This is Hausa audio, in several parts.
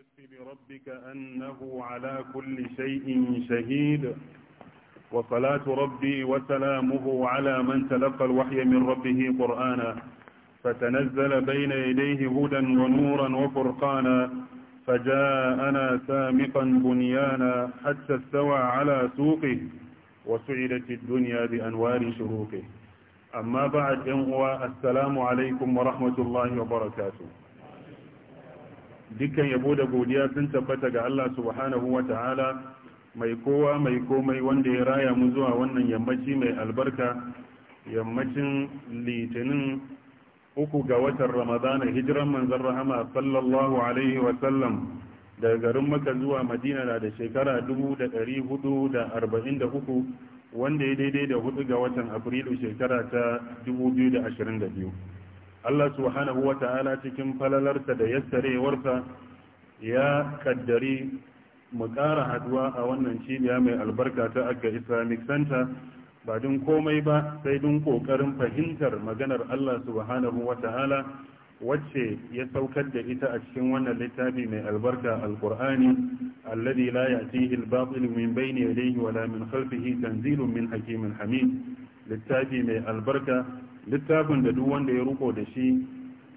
يكفي بربك أنه على كل شيء شهيد وصلاة ربي وسلامه على من تلقى الوحي من ربه قرآنا فتنزل بين يديه هدى ونورا وفرقانا فجاءنا سامقا بنيانا حتى استوى على سوقه وسعدت الدنيا بأنوار شروقه أما بعد هو السلام عليكم ورحمة الله وبركاته dukkan yabo da godiya sun tabbata ga Allah subhanahu wa ta'ala mai kowa mai komai wanda ya raya mu zuwa wannan yammaci mai albarka yammacin litinin uku ga watan ramadana hijiran manzan rahama sallallahu alaihi wa sallam daga garin maka zuwa madina na da shekara 443 wanda ya daidai da hudu ga watan afrilu shekara ta 2022 Allah subhanahu wa ta'ala cikin falalarsa da yassarewarsa ya kaddari mu ƙara haduwa a wannan cibiya mai albarka ta Agga Islamic Center ba don komai ba sai don ƙoƙarin fahimtar maganar Allah subhanahu wa ta'ala wacce ya saukar da ita a cikin wannan littafi mai albarka alkur'ani alladi la ya'tihi al-batil min bayni wala min khalfihi tanzilun min hakimin hamid littafi mai albarka littafin da duk wanda ya ruko da shi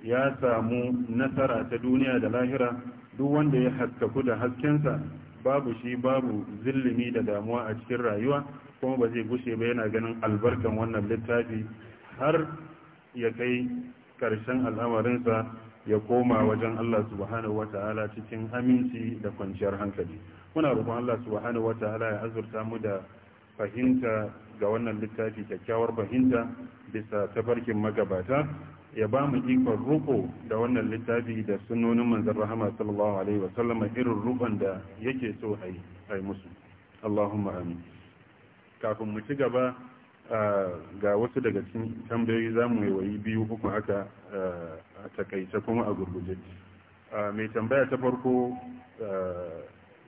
ya samu nasara ta duniya da lahira duk wanda ya haskaku da haskensa babu shi babu zillimi da damuwa a cikin rayuwa kuma ba zai gushe ba yana ganin albarkan wannan littafi har ya kai karshen al'amarinsa ya koma wajen Allah subhanahu wata'ala cikin aminci da kwanciyar hankali muna roƙon Allah subhanahu wata'ala ya azurta mu da fahimta ga wannan littafi kyakkyawar fahimta bisa tafarkin magabata ya ba mu ikon ruko da wannan littafi da sunonin manzan rahama sallallahu alaihi wasallama irin rukon da yake so a yi musu allahumma amin kafin mu ci gaba ga wasu daga cikin tambayoyi za mu wayi biyu uku haka a takaice kuma a gurguje mai tambaya ta farko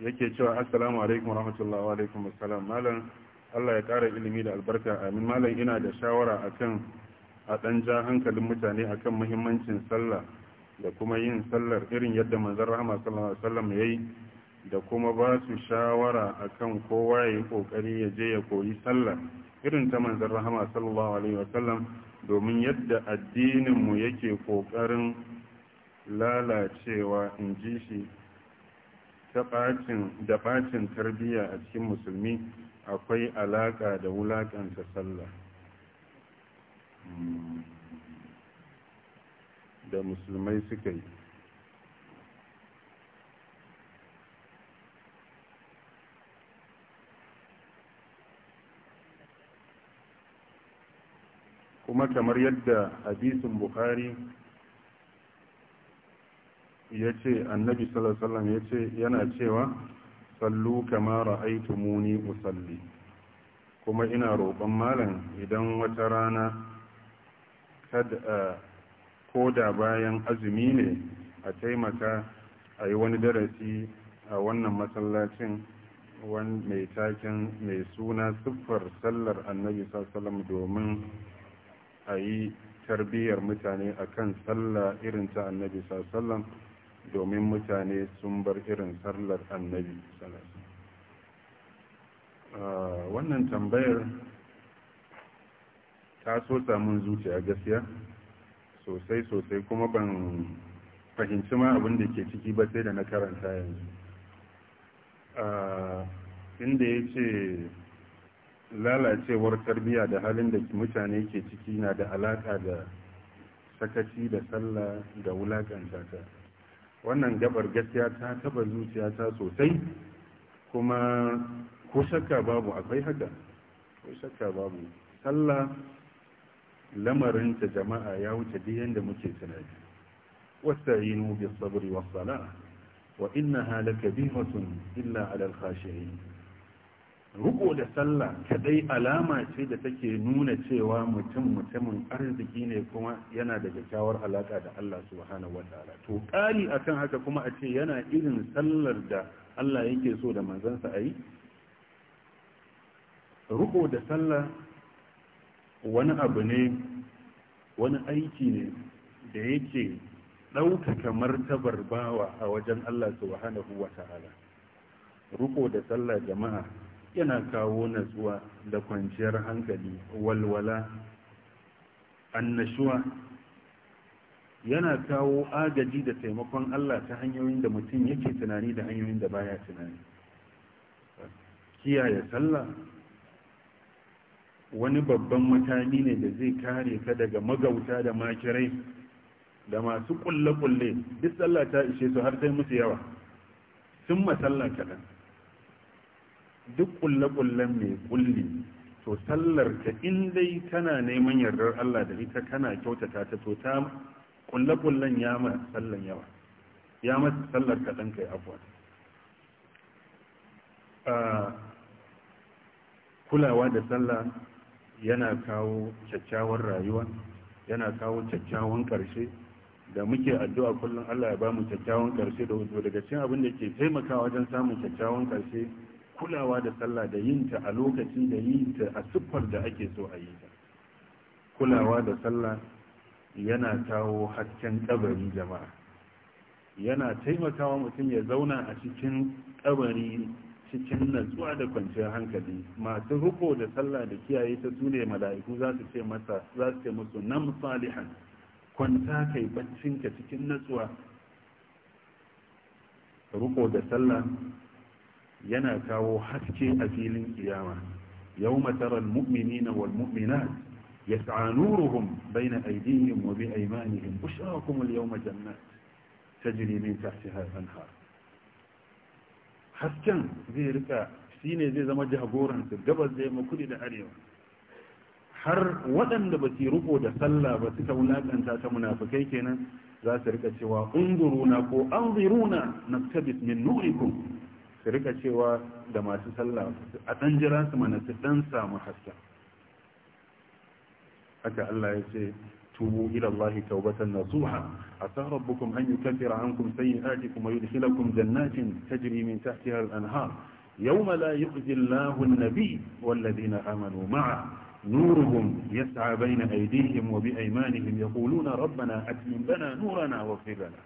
yake cewa assalamu alaikum rahmatullahi wa alaikum assalam malam Allah ya ƙara ilimi da albarka amin malam ina da shawara akan a ɗan ja hankalin mutane akan muhimmancin sallah da kuma yin sallar irin yadda manzon rahama sallallahu alaihi wasallam yayi da kuma ba su shawara akan kowa ya yi kokari ya je ya koyi sallah irin ta manzon rahama sallallahu alaihi wasallam domin yadda addinin mu yake kokarin lalacewa in ji shi da bacin tarbiyya a cikin musulmi akwai alaka da wulakanta sallah da musulmai suka yi kuma kamar yadda hadisin bukari ya ce annabi sallallahu alaihi wasallam ya ce yana cewa sallu kama ra'aitumuni usalli kuma ina roƙon malam idan wata rana kada ko da bayan azumi ne a taimaka a yi wani darasi a wannan masallacin mai taken mai suna siffar sallar annabi sallam domin a yi tarbiyyar mutane akan sallah irin ta annabi sallam domin mutane sun bar irin sallar annabi ah, wannan tambayar ta so samun zuciya gaskiya sosai sosai kuma ban fahimci ma abin da ke ciki ba sai da na karanta yanzu ah, inda ya ce lalacewar tarbiyya da halin da mutane ke ciki na da alaka da sakaci da sallah da wulakanta ta wannan gabar gaskiya ta taba ta sosai kuma ko shakka babu akwai haka ko shakka babu sallah lamarin ta jama'a ya wuce duk yanda muke tunani wasta'inu bis sabri was salah wa innaha lakabiratun illa 'alal khashi'in riko da sallah kadai alama ce da take nuna cewa mutum mutumin arziki ne kuma yana da kyakkyawar alaka da Allah subhanahu wataala to kali akan haka kuma a ce yana irin sallar da Allah yake so da manzansa ayi riko da sallah wani abu ne wani aiki ne da yake ɗaukaka martabar bawa a wajen Allah subhanahu wataala riko da sallah jama'a yana kawo natsuwa da kwanciyar hankali walwala annashuwa yana kawo agaji da taimakon Allah ta hanyoyin da mutum yake tunani da hanyoyin da baya tunani kiyaye sallah wani babban matani ne da zai kare ka daga magauta da makirai da masu kulle-kulle duk sallah ta ishe su har sai musu yawa sun masalla kaɗan duk kulle-kullen mai kulli to sallar ta in dai tana neman yardar Allah da ita kana kyautata ta to ta kulle-kullen ya ma sallan yawa ya ma sallar ka dan kai afwa kulawa da sallah yana kawo kyakkyawar rayuwa yana kawo kyakkyawan karshe da muke addu'a kullum Allah ya ba mu kyakkyawan karshe da daga cikin abin da ke taimakawa wajen samun kyakkyawan karshe kulawa da sallah da yinta a lokacin da yinta a siffar da ake so a yi ta kulawa da sallah yana kawo hasken kabari jama'a yana taimakawa mutum ya zauna a cikin kabari cikin natsuwa da kwanciyar hankali masu ruko da sallah da kiyaye ta su ne mala'iku za su ce masa za su ce musu nan salihan kwanta kai baccinka cikin natsuwa riko da sallah yana kawo haske a filin kiyama yawma taral mu'minina wal mu'minat yas'a nuruhum bayna aydihim wa bi aymanihim bushrakum yau yawma ta tajri min tahtiha al har. hasken zai rika shine zai zama jagoran su gabas da yamma kudi da arewa har waɗanda ba su riko da sallah ba suka wulakanta ta munafikai kenan za su rika cewa unguruna ko na naktabis min nurikun. su rika cewa da masu sallah a ɗan jira su mana su ɗan samu haske haka Allah ya ce tubu ila Allah taubatan nasuha asa rabbukum an yukaffira ankum sayyi'atikum wa yudkhilakum jannatin tajri min tahtiha al-anhar yawma la yukhzi Allahu an-nabiy walladhina amanu ma'a نورهم يسعى بين أيديهم وبأيمانهم يقولون ربنا أتمم لنا نورنا واغفر لنا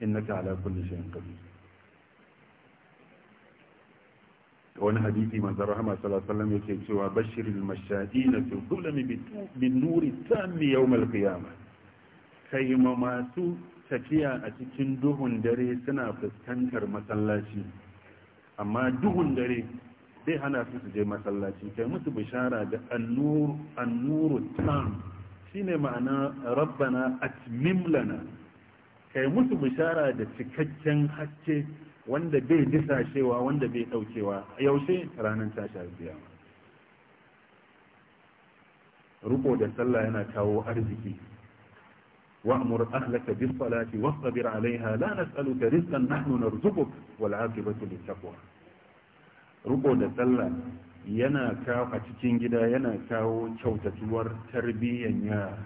innaka ala kulli shayin قدير wani hadisi manzon rahama sallallahu alaihi wasallam yake cewa bashiril mashahina fil kullami bin nuri tammi yawmal qiyamah kai ma masu tafiya a cikin duhun dare suna fuskantar masallaci amma duhun dare zai hana su su je masallaci kai musu bishara da annuru tam shine ma'ana rabbana atmim lana kai musu bishara da cikakken haske wanda bai cewa wanda bai daukewa yaushe ranar tasha alkiyama ruko da sallah yana kawo arziki wa'mur ahlaka bis salati wasbir 'alayha la nas'aluka rizqan nahnu narzuquk wal 'aqibatu lit taqwa ruko da sallah yana kawo a cikin gida yana kawo kyautatuwar tarbiyyar yara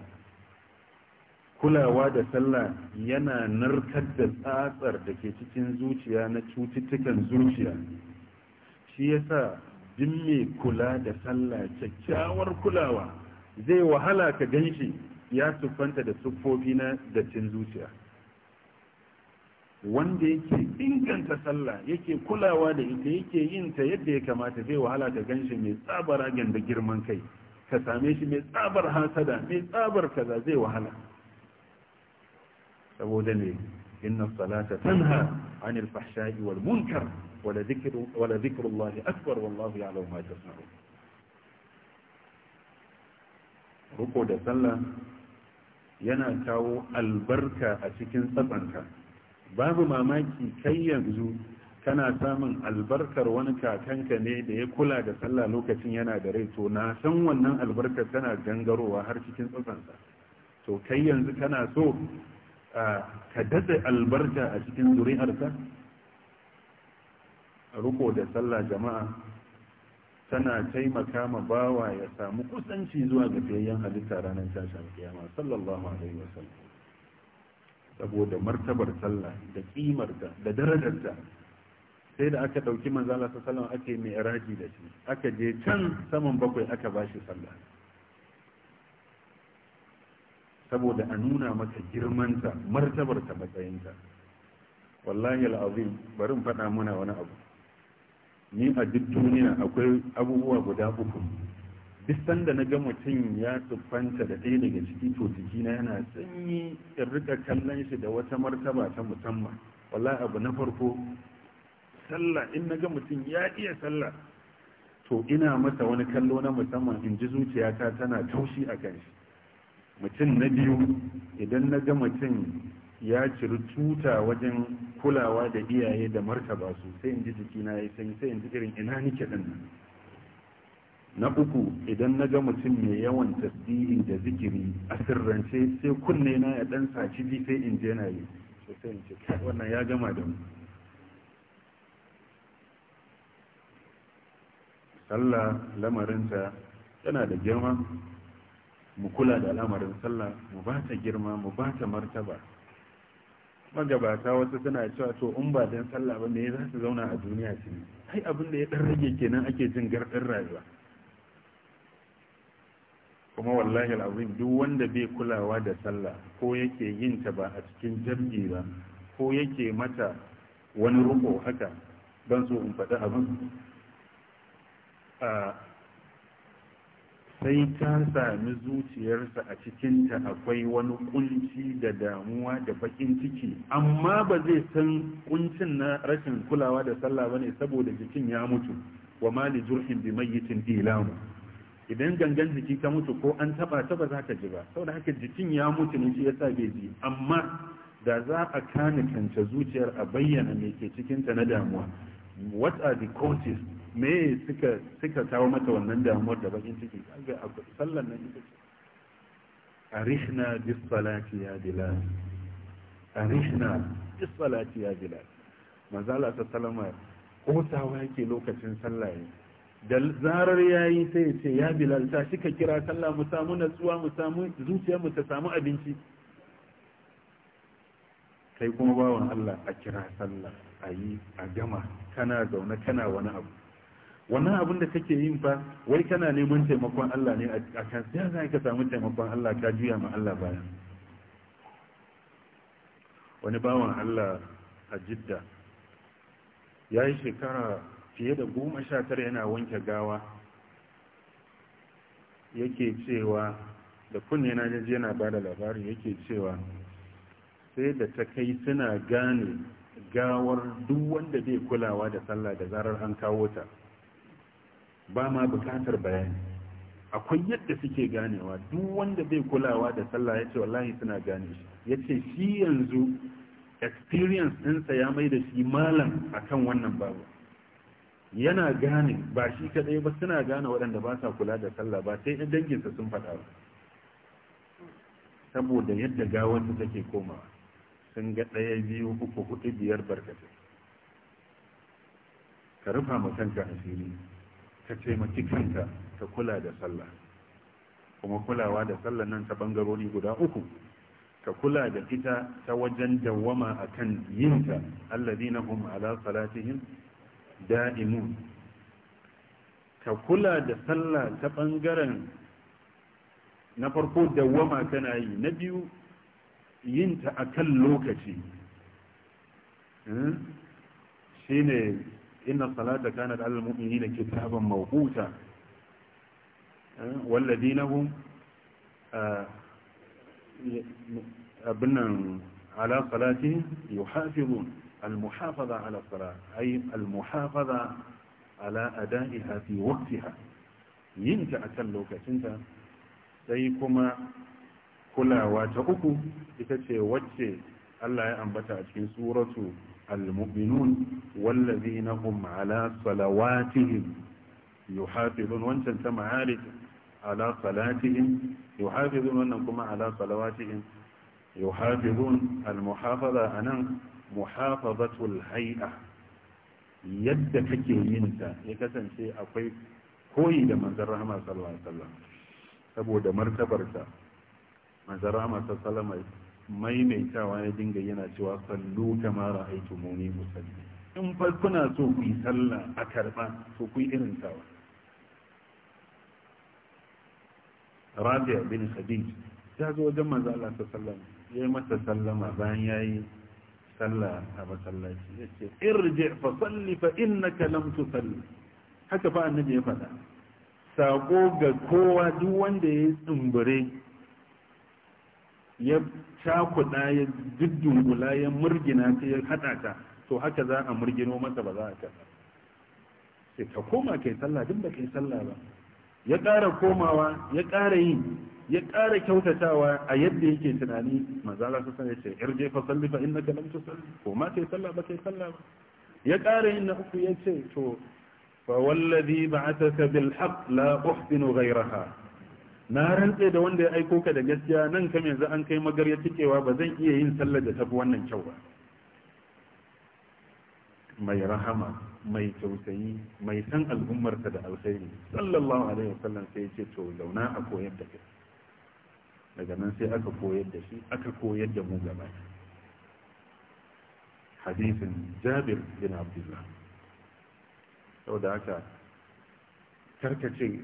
kulawa da sallah yana narkar da tsatsar da ke cikin zuciya na cututtukan zuciya shi yasa duk mai kula da sallah kyakkyawar kulawa zai wahala ka ganshi ya siffanta da siffofi na dattin zuciya wanda yake inganta sallah yake kulawa da ita yake yin ta yadda ya kamata zai wahala ka ganshi mai ragen da girman kai ka same shi mai tsabar hasada mai tsabar kaza zai wahala saboda me inna salata tanha anil fahsha'i wal munkar wala dhikru wala dhikrullahi akbar wallahu ya'lamu ma tasna'un ruko da sallah yana kawo albarka a cikin tsatsanka babu mamaki kai yanzu kana samun albarkar wani kakanka ne da ya kula da sallah lokacin yana da rai to na san wannan albarkar tana gangarowa har cikin tsatsansa to kai yanzu kana so ka dade albarka a cikin zuri'arka Ruko da sallah jama'a tana taimaka ma bawa ya samu kusanci zuwa ga fiyayyen halitta ranar tashin kiyama sallallahu alaihi wasallam saboda martabar sallah da kimarta da darajarta sai da aka ɗauki manzala ta salon ake mai raji da shi aka je can saman bakwai aka bashi sallah saboda a nuna maka girmanta martabarta matsayinta wallahi al'azim bari in faɗa muna wani abu ni a duk duniya akwai abubuwa guda uku duk sanda na ga mutum ya tuffanta da ɗaya daga ciki to jikina yana sanyi in rika kallon shi da wata martaba ta musamman wallahi abu na farko sallah in na ga mutum ya iya sallah to ina masa wani kallo na musamman in ji zuciyata tana taushi a kanshi. mutum na biyu idan na ga mutum ya ciri tuta wajen kulawa da iyaye da martaba su sai in ji jikina ya sanyi sai in ji irin ina nike din na uku idan na ga mutum mai yawan tasbihi da zikiri a sirrance sai kunne na ya dan saci bi sai in je na yi sai in ce wannan ya gama da mu sallah lamarinta yana da girma mu kula da al'amarin sallah mu ba ta girma mu ba ta martaba magabata wasu suna cewa to in ba dan sallah ba me za su zauna a duniya su ne ai abin da ya dan rage kenan ake jin gardin rayuwa kuma wallahi al'azim duk wanda bai kulawa da sallah ko yake yin ta ba a cikin jami'i ba ko yake mata wani ruko haka don so in faɗi abin ah, sai ta sami zuciyarsa a cikinta akwai wani kunci da damuwa da bakin ciki amma ba zai san kuncin na rashin kulawa da sallah ba ne saboda jikin ya mutu wa mali jurhin bi mayyitin ilamu idan gangan jiki ta mutu ko an taba ta ba za ka ji ba saboda haka jikin ya mutu ne shi yasa bai ji amma da za a kani kanta zuciyar a bayyana me ke cikinta na damuwa what are the causes me suka suka kawo mata wannan damuwar da bakin ciki ga akwai sallan nan ita ce arishna bis salati ya bilal arishna bis salati ya bilal manzo Allah sallallahu alaihi wasallam kosawa yake lokacin sallah da zarar yayi sai ya ce ya bilal ta kika kira sallah mu samu natsuwa mu samu zuciyar mu ta samu abinci kai kuma bawon Allah a kira sallah ayi a gama kana zaune kana wani abu wannan abin da kake yin fa wai kana neman taimakon Allah ne a kan sai za ka samu taimakon Allah ka juya ma Allah bayan wani bawan Allah a Jidda ya yi shekara fiye da goma sha tara yana wanke gawa yake cewa da kunne na jaji yana ba da labari yake cewa sai da ta kai suna gane gawar duk wanda bai kulawa da sallah da zarar an kawo ta ba ma bukatar bayani akwai yadda suke ganewa duk wanda zai kulawa da sallah ya ce wallahi suna gane shi ya ce shi yanzu experience ɗinsa ya mai da shi malam akan wannan babu yana gane ba shi kaɗai ba suna gane waɗanda ba sa kula da sallah ba sai ɗan danginsa sun faɗa ba saboda yadda gawarsu take komawa sun ga ɗaya biyu uku hudu biyar barkatai ka rufa ma kanka asiri ka taimaki kanka ka kula da sallah kuma kulawa da sallah nan ta bangarori guda uku ka kula da ita ta wajen dawwama akan yinta alladhina hum ala salatihim da'imun ka kula da sallah ta bangaren na farko dawwama kana yi na biyu yinta akan lokaci hmm? shine inna salata kanat alal mu'minina kitaban mawquta walladina hum abinnan ala salati yuhafizun المحافظة على الصلاة أي المحافظة على أدائها في وقتها ينتع تلوك تنتع سيكما كلا واتأكو إتتي واتي الله ينبتع في سورة المؤمنون والذين هم على صلواتهم يحافظون وانت معارك على صلاتهم يحافظون وانكم على صلواتهم يحافظون المحافظة أنا محافظة الهيئة yadda kake yin ta ya kasance akwai koyi da manzon saboda martabarta manzon rahama sallallahu maimaitawa ya dinga yana cewa sallu kama ra'aitu muni musalli in fa kuna so ku yi sallah a karba to ku yi irin tawa Rabia bin Khadij ta zo wajen manzo Allah sallallahu alaihi wasallam yi masa sallama bayan yayi sallah a masallaci yace irji fa salli fa innaka lam tusalli haka fa annabi ya faɗa sako ga kowa duk wanda ya tsumbure ya cakuɗa ya diddungula ya murgina ta ya haɗa ta to haka za a murgino masa ba za a kasa sai ka koma kai sallah duk da kai sallah ba ya ƙara komawa ya ƙara yi ya ƙara kyautatawa a yadda yake tunani manzala su sanya ce irje fa salli fa innaka lam tusalli ko ma kai sallah ba kai sallah ba ya ƙara yin na uku ya ce to fa wallazi ba'athaka bil haqq la uhsinu ghayraha na rantse da wanda ya aiko ka da gaskiya nan kam yanzu an kai magarya cikewa ba zan iya yin sallar da tafi wannan kyau ba mai rahama mai tausayi mai san al'ummarsa da alkhairi sallallahu alaihi wasallam sai ya ce to zauna a koyar da kai daga nan sai aka koyar da shi aka koyar da mu gaba hadisin jabir bin abdullah saboda haka karkace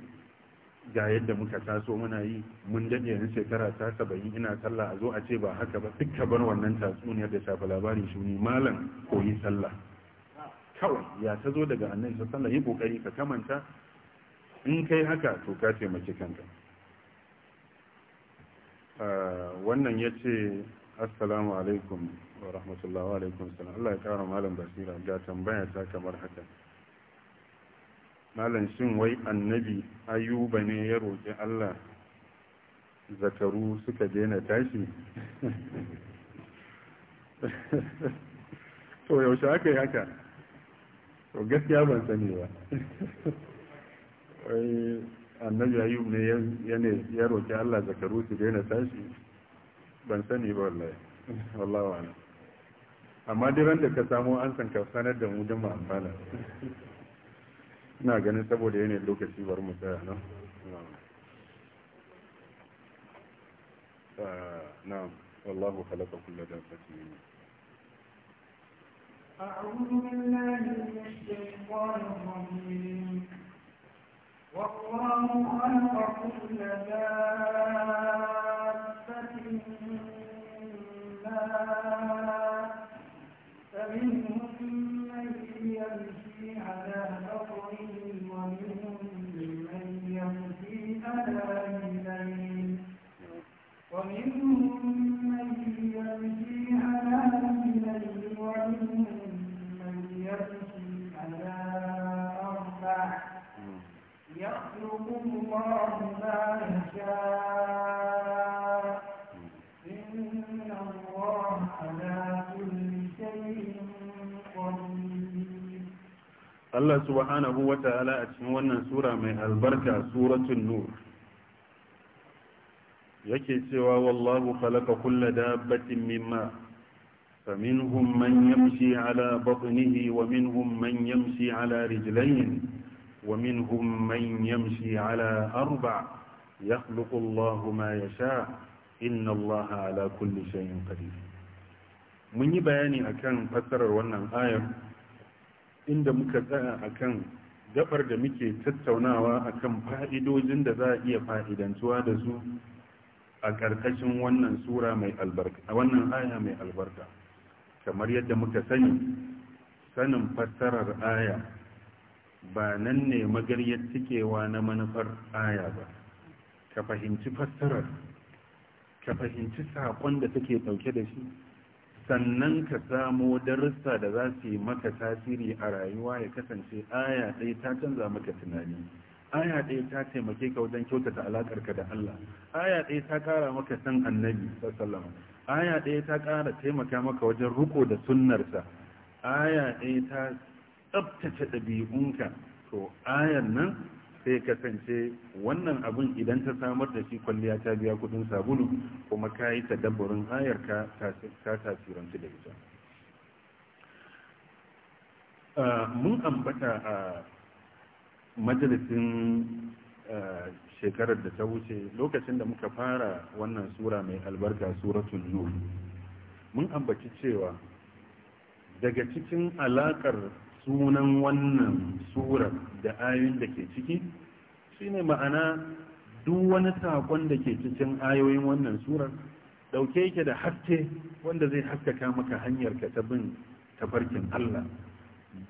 ga yadda muka taso muna yi mun daɗe yan shekara ta saba'in ina sallah a zo a ce ba haka ba duk bar wannan tatsuniyar da shafa labari shuni malam koyi sallah kawai ya ta zo daga annabi sallah yi kokari ka kamanta in kai haka to ka taimaki kanka ah, wannan ya ce assalamu alaikum wa rahmatullahi wa alaikum salam Allah ya kara malam basira ga tambaya ta kamar haka malam shin wai annabi ayuba ne ya roƙi Allah zakaru suka daina tashi to yaushe aka yi haka to gaskiya ban sani ba wai annabi ayuba ne ya roƙi Allah zakaru su daina tashi ban sani ba wallahi wallahi amma duk da ka samu an san ka sanar da mu don mu amfana ina ganin saboda yanayin lokaci bari mu tsaya nan na'am wallahu khalaqa kulla dabbatin min أعوذ بالله من الشيطان الرجيم والله خلق كل دابة من فمنهم من يمشي يخلق الله ما يشاء إن الله على كل شيء قدير الله سبحانه وتعالى أتمنى سورة من البركة سورة النور yake cewa wallahu khalaqa kulla dabbatin mimma faminhum man yamshi ala batnihi wa minhum man yamshi ala rijlayn ومنهم من يمشي على أربع يخلق الله ما يشاء إن الله على كل شيء قدير mun yi bayani akan fassarar wannan inda muka tsaya akan gabar da muke tattaunawa akan fa'idojin da za a iya fa'idantuwa da su a ƙarƙashin wannan sura mai albarka wannan aya mai albarka kamar yadda muka sani sanin fassarar aya ba nan ne magaryar cikewa na manufar aya ba ka fahimci fassarar ka fahimci saƙon da take ɗauke da shi sannan ka samo darussa da za su yi maka tasiri a rayuwa ya kasance aya ɗaya ta canza maka tunani aya ɗaya ta taimake ka wajen kyautata alaƙarka da Allah aya ɗaya ta ƙara maka san annabi sallallahu aya ɗaya ta ƙara taimaka maka wajen riko da sunnarsa aya ɗaya ta tsabtace ɗabi'unka to ayar nan sai kasance wannan abin idan ta samar da shi kwalliya ta biya kudin sabulu kuma ka yi ta dabbarin ayar ka tasirantu da ita mun ambata a majalisin shekarar da ta wuce lokacin da muka fara wannan sura mai albarka suratun nur mun ambaci cewa daga cikin alakar sunan wannan surar da ayoyin da ke ciki shine ma'ana duk wani saƙon da ke cikin ayoyin wannan surar ɗauke yake da haske wanda zai haskaka maka hanyar ka ta bin tafarkin Allah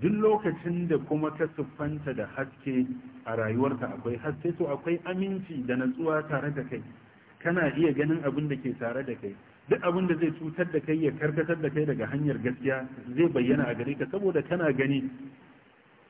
duk lokacin da kuma ka siffanta da haske a rayuwarka akwai haske to akwai aminci da natsuwa tare da kai kana iya ganin abin da ke tare da kai duk abin da zai cutar da kai ya karkatar da kai daga hanyar gaskiya zai bayyana a gare ka saboda kana gani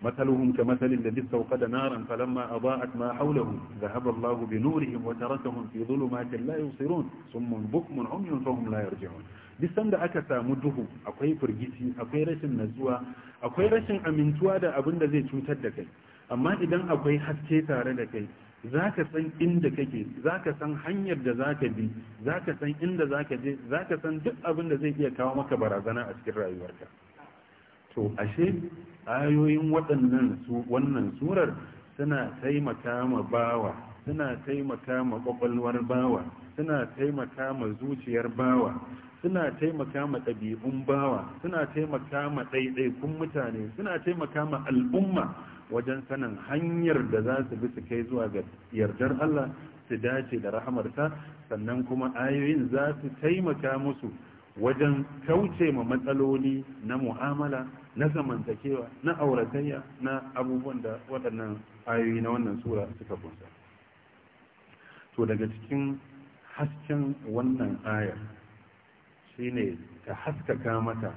مثلهم كمثل الذي استوقد نارا فلما أضاءت ما حوله ذهب الله بنورهم وتركهم في ظلمات لا يبصرون ثم بكم mun فهم لا يرجعون bisan da aka samu duhu akwai firgici akwai rashin natsuwa akwai rashin amintuwa da abin da zai cutar da kai amma idan akwai haske tare da kai za ka san inda kake za ka san hanyar da za ka bi za ka san inda za ka je za ka san duk abin da zai iya kawo maka barazana a cikin rayuwarka to ashe ayoyin waɗannan su wannan surar suna taimaka ma bawa suna taimaka ma ƙwaƙwalwar bawa suna taimaka ma zuciyar bawa suna taimaka ma ɗabi'un bawa suna taimaka ma ɗaiɗaikun mutane suna taimaka ma al'umma wajen sanin hanyar da za su bi su kai zuwa ga yardar Allah su dace da rahamarsa sannan kuma ayoyin za su taimaka musu wajen kauce ma matsaloli na mu'amala na zamantakewa na auratayya na abubuwan da waɗannan ayoyi na wannan sura suka kunsa to daga cikin hasken wannan ayar shine ta haskaka mata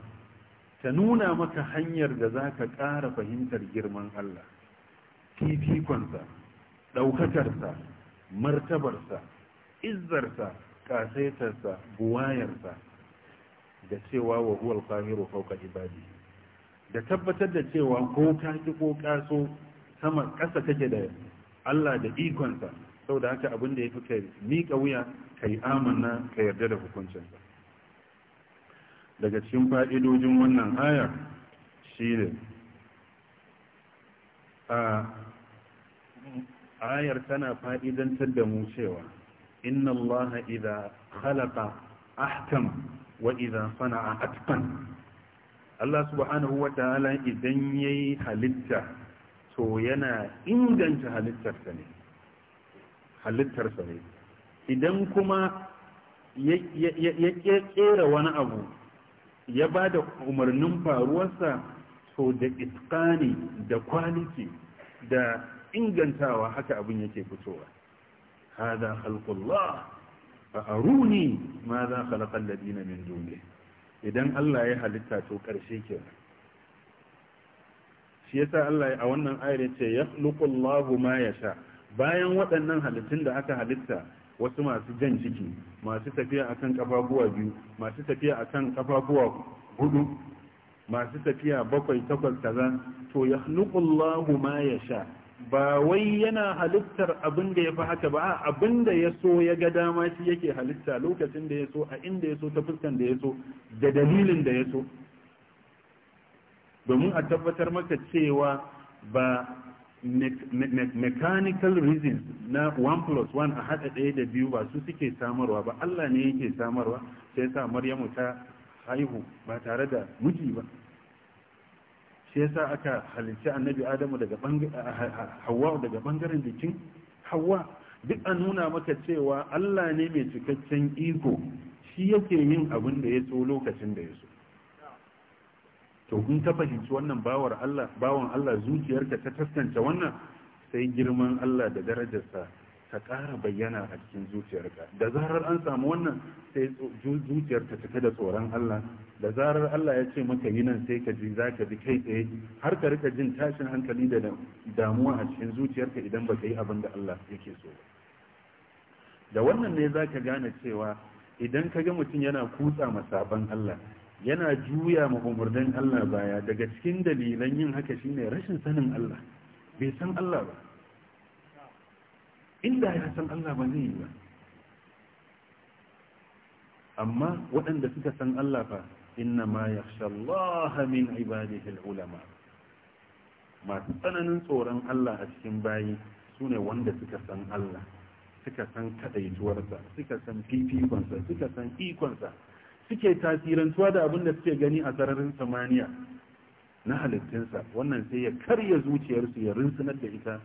ta nuna maka hanyar da za ka ƙara fahimtar girman Allah fifikonsa ɗaukakarsa martabarsa izzarsa ƙasaitarsa buwayarsa da cewa wa huwal qahiru fawqa ibadi da tabbatar da cewa ko ka ki ko kaso sama ƙasa kake da Allah da ikonsa sau da haka abin da ya fi kai miƙa wuya kai amanna ka yarda da hukuncinsa daga cikin fa'idojin wannan aya shi ne a ayar tana fa'idantar da mu cewa inna Allah idha khalaqa ahkam wa idha sana'a atqan Allah subhanahu wa ta'ala idan yayi halitta to yana inganta halittarsa ne halittarsa ne idan kuma ya kera wani abu ya ba da umarnin faruwarsa to da itkani da kwaliki da ingantawa haka abin yake fitowa hada khalqullah a aruni ma za halakar ladina min dole idan Allah ya halitta to ƙarshe kenan shi yasa Allah a wannan ayar yace ce ma ya sha bayan waɗannan halittun da aka halitta wasu masu jan ciki masu tafiya a kan kafafuwa biyu masu tafiya a kan kafafuwa hudu masu tafiya bakwai takwas kaza to ya Allahu ma ya sha ba wai yana halittar abin da ya fi haka ba abin da ya so ya ga dama shi yake halitta lokacin da ya so a inda ya so ta fuskan da ya so da dalilin da ya so domin a tabbatar maka cewa ba mechanical reasons na 1 plus 1 a haɗa ɗaya da biyu ba su suke samarwa ba Allah ne yake samarwa sai sa maryamu ta haihu ba tare da miji ba shi yasa aka halicci annabi adamu daga hawa daga bangaren jikin hawa duk a nuna maka cewa Allah ne mai cikakken iko shi yake yin abin da ya so lokacin da ya so to in ta fahimci wannan bawar Allah bawan Allah zuciyarka ta taskance wannan sai girman Allah da darajarsa ta ƙara bayyana a cikin zuciyarka da zarar an samu wannan sai zuciyarka cika da tsoron Allah da zarar Allah ya ce maka yi nan sai ka ji za ka ji kai tsaye har ka rika jin tashin hankali da damuwa a cikin zuciyarka idan ba ka yi abin da Allah yake so ba da wannan ne za ka gane cewa idan ka ga mutum yana kutsa masaban Allah yana juya ma umarnin Allah baya daga cikin dalilan yin haka shine rashin sanin Allah bai san Allah ba inda ya san Allah ba zai yi ba amma waɗanda suka san Allah fa inna ma yakhsha Allah min ibadihi ulama masu tsananin tsoron Allah a cikin bayi sune wanda suka san Allah suka san kadaituwarsa suka san fifikonsa suka san ikonsa suke tasirantuwa da abin da suke gani a sararin samaniya na halittinsa wannan sai ya karya zuciyarsu ya rinsunar da ita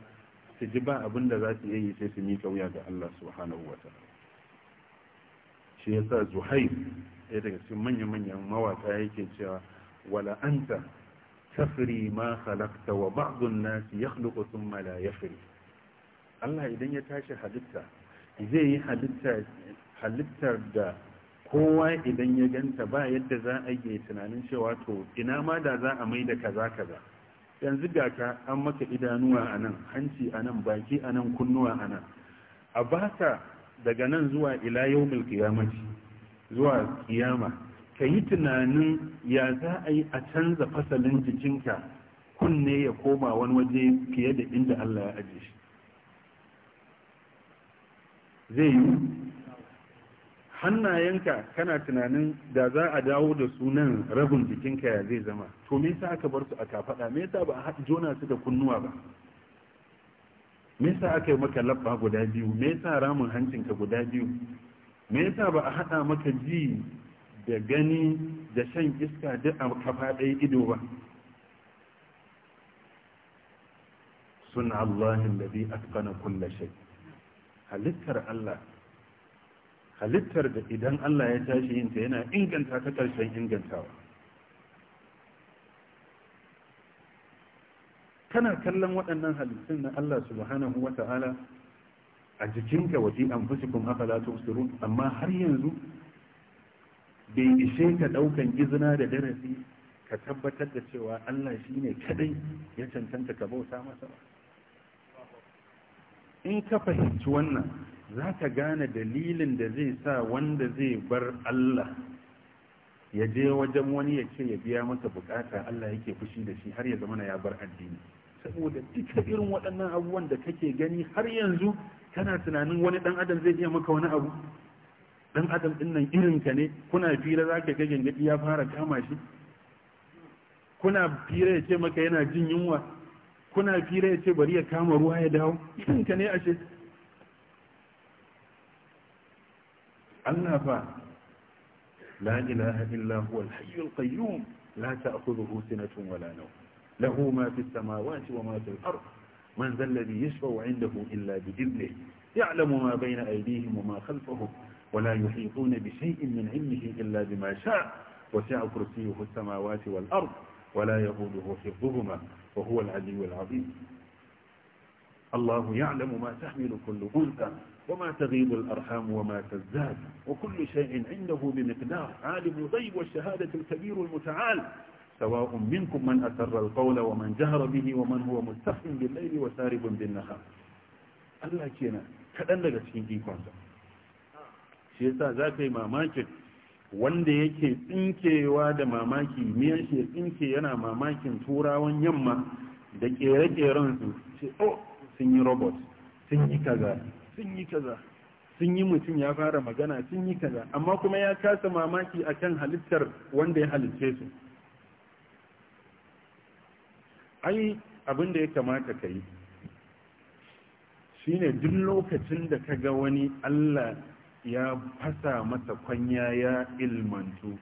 su ji ba abin da za su yi sai su miƙa wuya ga Allah subhanahu wa Shi shi sa zuhair ya daga cikin manya-manyan mawaka yake cewa wala anta tafri ma halakta wa ba'dun nas yakhluqu thumma la yafri Allah idan ya tashi halitta zai yi halittar da kowa idan ya ganta ba yadda za a yi tunanin cewa to ina ma da za a mai da kaza kaza yanzu ga ka an maka idanuwa a nan hanci a nan baki a nan kunnuwa a nan a ba baka daga nan zuwa ila yau milkiyamaci zuwa kiyama ka yi tunanin ya za a yi a canza fasalin jikinka kunne ya koma wani waje fiye da inda allah ya ajiye shi zai yi hannayenka kana tunanin da za a dawo da sunan rabin jikinka ya zai zama to me yasa aka bar su a kafada me yasa ba a jona su da kunnuwa ba me yasa aka yi maka labba guda biyu me yasa ramin hancinka guda biyu me yasa ba a hada maka ji da gani da shan iska duk a kafa ɗaya ido ba sun da bi atqana kulla shai halittar Allah halittar da idan Allah ya tashi yinta yana inganta ta ƙarshen ingantawa kana kallon waɗannan halittun na Allah subhanahu wa ta'ala a jikinka waje an fusi kuma haka amma har yanzu bai ishe ka ɗaukan izina da darasi ka tabbatar da cewa Allah shi ne kaɗai ya cancanta ka bauta masa ba in ka fahimci wannan za ka gane dalilin da zai sa wanda zai bar Allah ya je wajen wani ya ce ya biya maka bukata Allah yake fushi da shi har ya zama ya bar addini saboda duka irin waɗannan abubuwan da kake gani har yanzu kana tunanin wani dan adam zai iya maka wani abu dan adam din nan irin ka ne kuna fira za ka gajen gaɗi ya fara kama shi kuna fira ya ce maka yana jin yunwa kuna fira ya ce bari ya kama ruwa ya dawo irin ka ne ashe الله لا إله إلا هو الحي القيوم لا تأخذه سنة ولا نوم له ما في السماوات وما في الأرض من ذا الذي يشفع عنده إلا بإذنه يعلم ما بين أيديهم وما خلفهم ولا يحيطون بشيء من علمه إلا بما شاء وسع كرسيه السماوات والأرض ولا يهوده حفظهما وهو العلي العظيم الله يعلم ما تحمل كل أنثى وما تغيب الأرحام وما تزداد وكل شيء عنده بمقدار عالم الغيب والشهادة الكبير المتعال سواء منكم من أسر القول ومن جهر به ومن هو مستخف بالليل وسارب بالنهار Allah kenan kaɗan daga cikin ikonsa shi yasa za ka yi mamakin wanda yake tsinkewa da mamaki miyan shi tsinke yana mamakin turawan yamma da ƙere-ƙerensu ce oh sun yi robot sun yi kaza sun yi kaza sun yi mutum ya fara magana sun yi kaza amma kuma ya kasa mamaki a kan halittar wanda ya halitce su ai abin da ya kamata ka yi Shi ne duk lokacin da ka ga wani Allah ya fasa masa kwanya ya ilmantu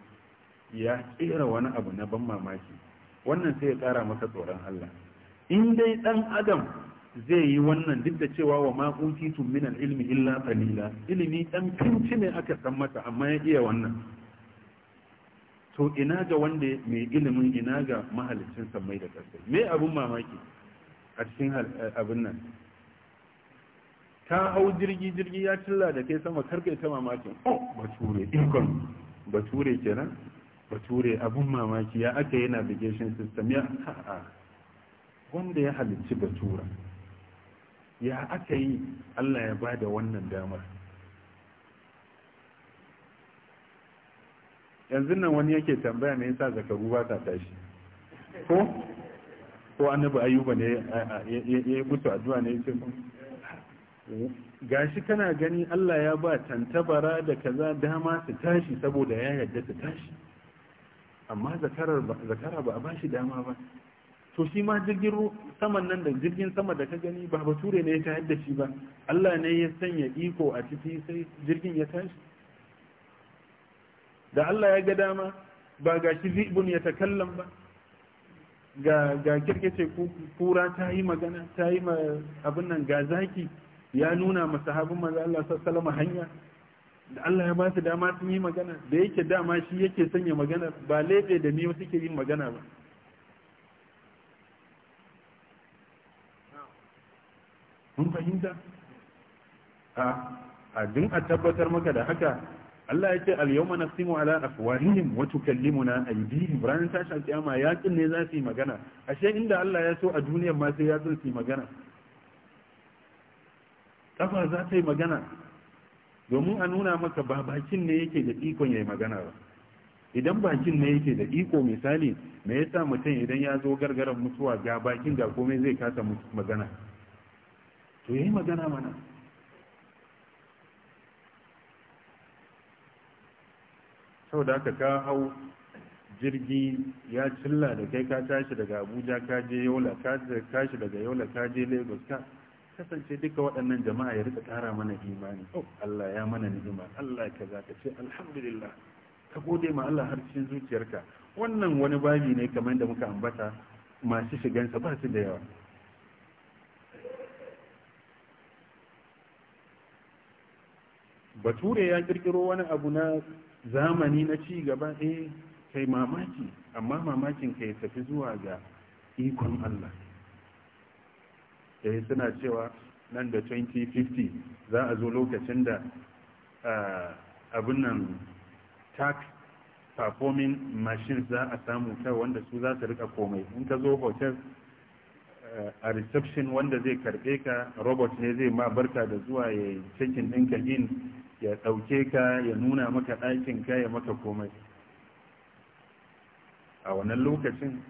ya tsira wani abu na ban mamaki wannan sai ya ƙara masa tsoron Allah in dai dan adam zai yi wannan duk da cewa wa ma utitum min ilmi illa qalila ilimi dan kinci ne aka san mata amma ya iya wannan to ina ga wanda mai ilimin ina ga mahalicin mai da ƙasa me abun mamaki a cikin eh, abin nan ta hau jirgi jirgi ya cilla da kai sama karkai ta mamakin oh bature ikon bature kenan bature abun mamaki ya aka yi navigation system ya a'a wanda ya halicci batura ya aka yi allah ya ba da wannan damar yanzu nan wani yake tambaya ne yasa zakaru ba ta tashi ko ko annabi ayuba ne ya yi mutu addu'a ne yace gashi kana gani Allah ya ba tantabara da kaza dama su tashi saboda ya yarda ta tashi amma zakara ba a ba shi dama ba to shi ma jirgin saman nan da jirgin sama da ka gani ba bature ne ya tayar da shi ba Allah ne ya sanya iko a ciki sai jirgin ya tashi da Allah ya ga dama ba ga shi zibun ya takallam ba ga ga ce kura ta yi magana ta yi ma abin nan ga zaki ya nuna ma sahabin manzo Allah sallallahu hanya da Allah ya ba su dama sun yi magana da yake dama shi yake sanya magana ba lebe da miyo suke yin magana ba mun fahimta a a din a tabbatar maka da haka Allah ya ce al-yawma naqsimu ala afwahihim wa tukallimuna aydihim shi tashi ya yakin ne za su yi magana ashe inda Allah ya so a duniyar ma sai ya yakin su yi magana kafa za ta yi magana domin a nuna maka ba bakin ne yake da ikon yayi magana ba idan bakin ne yake da iko misali me yasa mutum idan ya zo gargaran mutuwa ga bakin ga komai zai kasa magana to yi magana mana sau haka ka hau jirgi ya cilla da kai ka tashi daga abuja ka je yola ka tashi daga yola ka je lagos ka kasance duka waɗannan jama'a ya rika ƙara mana imani oh allah ya mana ni'ima allah ka za ka ce alhamdulillah ka gode ma allah har cikin zuciyarka wannan wani babi ne kamar da muka ambata masu shigansa ba su da yawa bature ya kirkiro wani abu na zamani na ci gaba eh kai mamaki amma mamakin kai tafi zuwa ga ikon Allah eh suna cewa nan da 2050 za a zo lokacin da ah, abin nan tax performing machines za a samu ta wanda su za su rika komai in ka zo hotel eh, a reception wanda zai karbe ka robot ne zai ma barka da zuwa ya cikin ɗinka in ya ɗauke ka ya nuna maka ɗakinka ya maka komai a wannan lokacin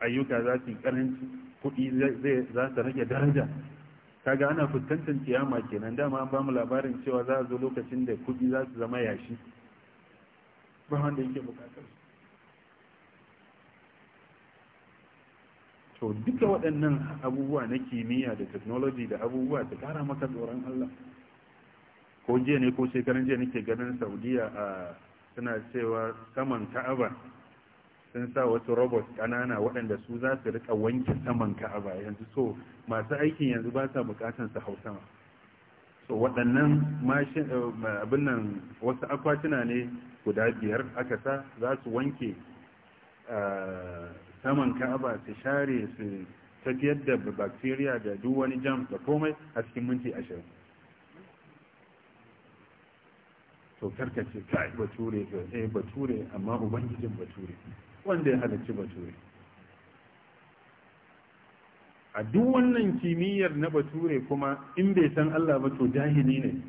ayyuka za su yi ƙaranci kuɗi za su rage daraja kaga ana fuskantar kiyama kenan dama an bamu labarin cewa za a zo lokacin da kuɗi za su zama yashi ba wanda yake bukatar to duka waɗannan abubuwa na kimiyya da technology da abubuwa ta kara maka tsoron Allah ko jiya ne ko shekaran jiya nake ganin saudiya a suna cewa saman ka'aba sun sa wasu robot kanana waɗanda su za su rika wanke saman ka'aba yanzu so masu aikin yanzu ba sa bukatan su hau sama so waɗannan mashin eh, abin nan wasu akwatuna ne guda biyar aka sa za su wanke eh, saman ka'aba su share su tafiyar da bacteria da duk wani jam da komai a cikin minti ashirin to karka ce kai bature to eh bature amma ubangijin bature wanda ya halarci bature a duk wannan kimiyyar na bature kuma in bai san Allah ba to jahili ne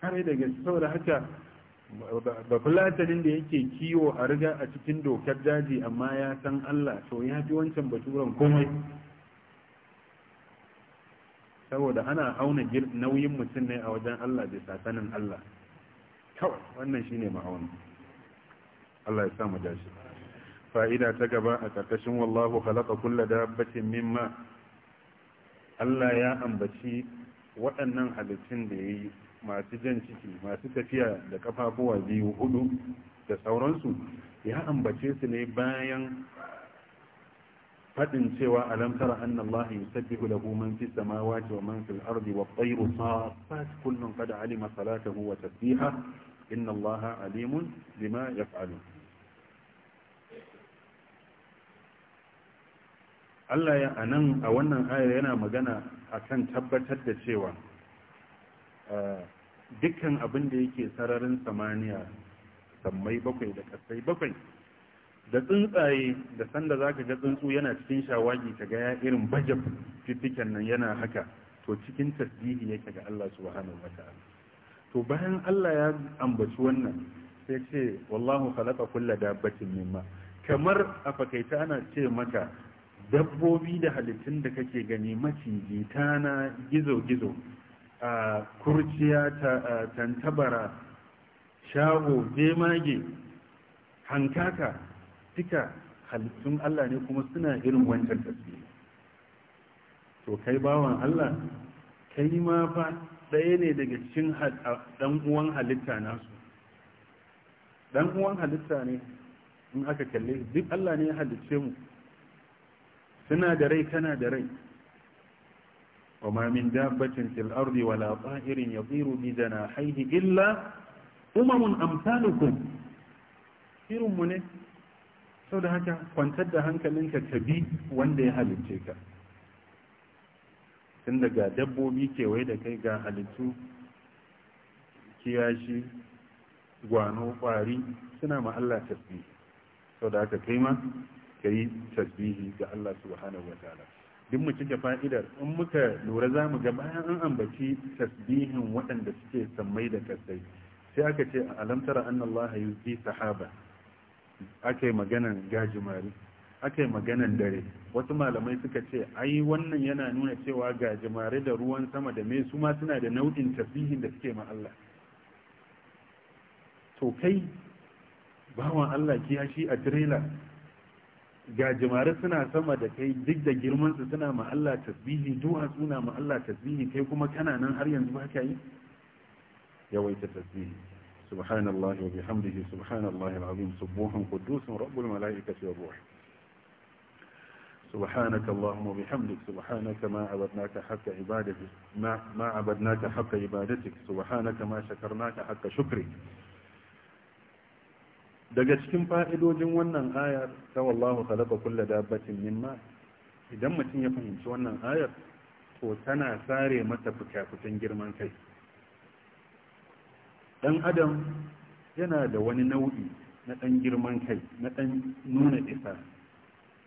kare da gaske saboda haka ba fulatanin da yake kiwo a riga a cikin dokar daji amma ya san Allah to ya fi wancan baturen komai saboda ana auna nauyin mutum ne a wajen Allah bisa sanin Allah kawai wannan shine ma'auni Allah ya sa mu dace fa'ida ta gaba a karkashin wallahu khalaqa kulla dabbatin mimma Allah ya ambaci waɗannan halittun da yayi masu jan ciki masu tafiya da kafafuwa biyu hudu da sauransu ya ambace su ne bayan faɗin cewa alam tara anna Allah yusabbihu lahu man fis samawati wa man fil ardi wat tayru saffat kullun qad alima salatahu wa tasbiha inna Allah alimun bima yaf'alun Allah ya anan a wannan aya yana magana akan tabbatar da cewa dukkan abin da yake sararin samaniya sammai bakwai da kasai bakwai da tsuntsaye da sanda za ka ga tsuntsu yana cikin shawagi ta ga ya irin bajab fitikan nan yana haka to cikin tasbihi yake ga Allah subhanahu ta'ala to bayan Allah ya ambaci wannan sai ce wallahu khalaqa kulla dabbatin mimma kamar a fakaita ana ce maka dabbobi da halittun da kake gani maciji tana gizo-gizo a kurciya ta tantabara shago jemage hankaka duka halittun Allah ne kuma suna irin wancan tasbihi to kai bawan Allah kai ma fa ɗaya ne daga cikin ɗan uwan halitta nasu ɗan uwan halitta ne in aka kalle duk Allah ne ya halicce mu suna da rai kana da rai وما من دابة في الأرض Illa طائر يطير بجناحيه إلا أمم Irin mu ne. sau da haka kwantar da hankalinka ka bi wanda ya halince ka tun daga dabbobi kewaye da kai ga halittu kiyashi gwano kwari suna ma Allah tasbihi sau da haka kai ma ka yi tasbihi ga Allah subhanahu wa ta'ala duk mu cike fa'idar in muka lura za mu ga bayan an ambaci tasbihin waɗanda suke sammai da kasai sai aka ce a alamtara annallaha yuzi sahaba aka yi maganan gajimari aka yi dare wasu malamai suka ce ai wannan yana nuna cewa gajimare da ruwan sama da mai su ma suna da nau'in tasbihin da suke ma Allah to kai bawan Allah kiyashi a tirela, gajimare suna sama da kai duk da girmansu suna ma Allah tasbihi duwa suna ma Allah tasbihi kai kuma kana nan har yanzu haka ka yi yawaita tasbihi سبحان الله وبحمده سبحان الله العظيم سبوح قدوس رب الملائكة والروح سبحانك اللهم وبحمدك سبحانك ما عبدناك حق عبادتك ما, ما عبدناك حق عبادتك سبحانك ما شكرناك حق شكرك daga cikin fa'idojin wannan ayar ta wallahu khalaqa kulla dabbatin min ma idan mutum ya fahimci wannan ayar to tana sare masa fikafikan girman kai dan adam yana da wani nau'i na dan girman kai na dan nuna isa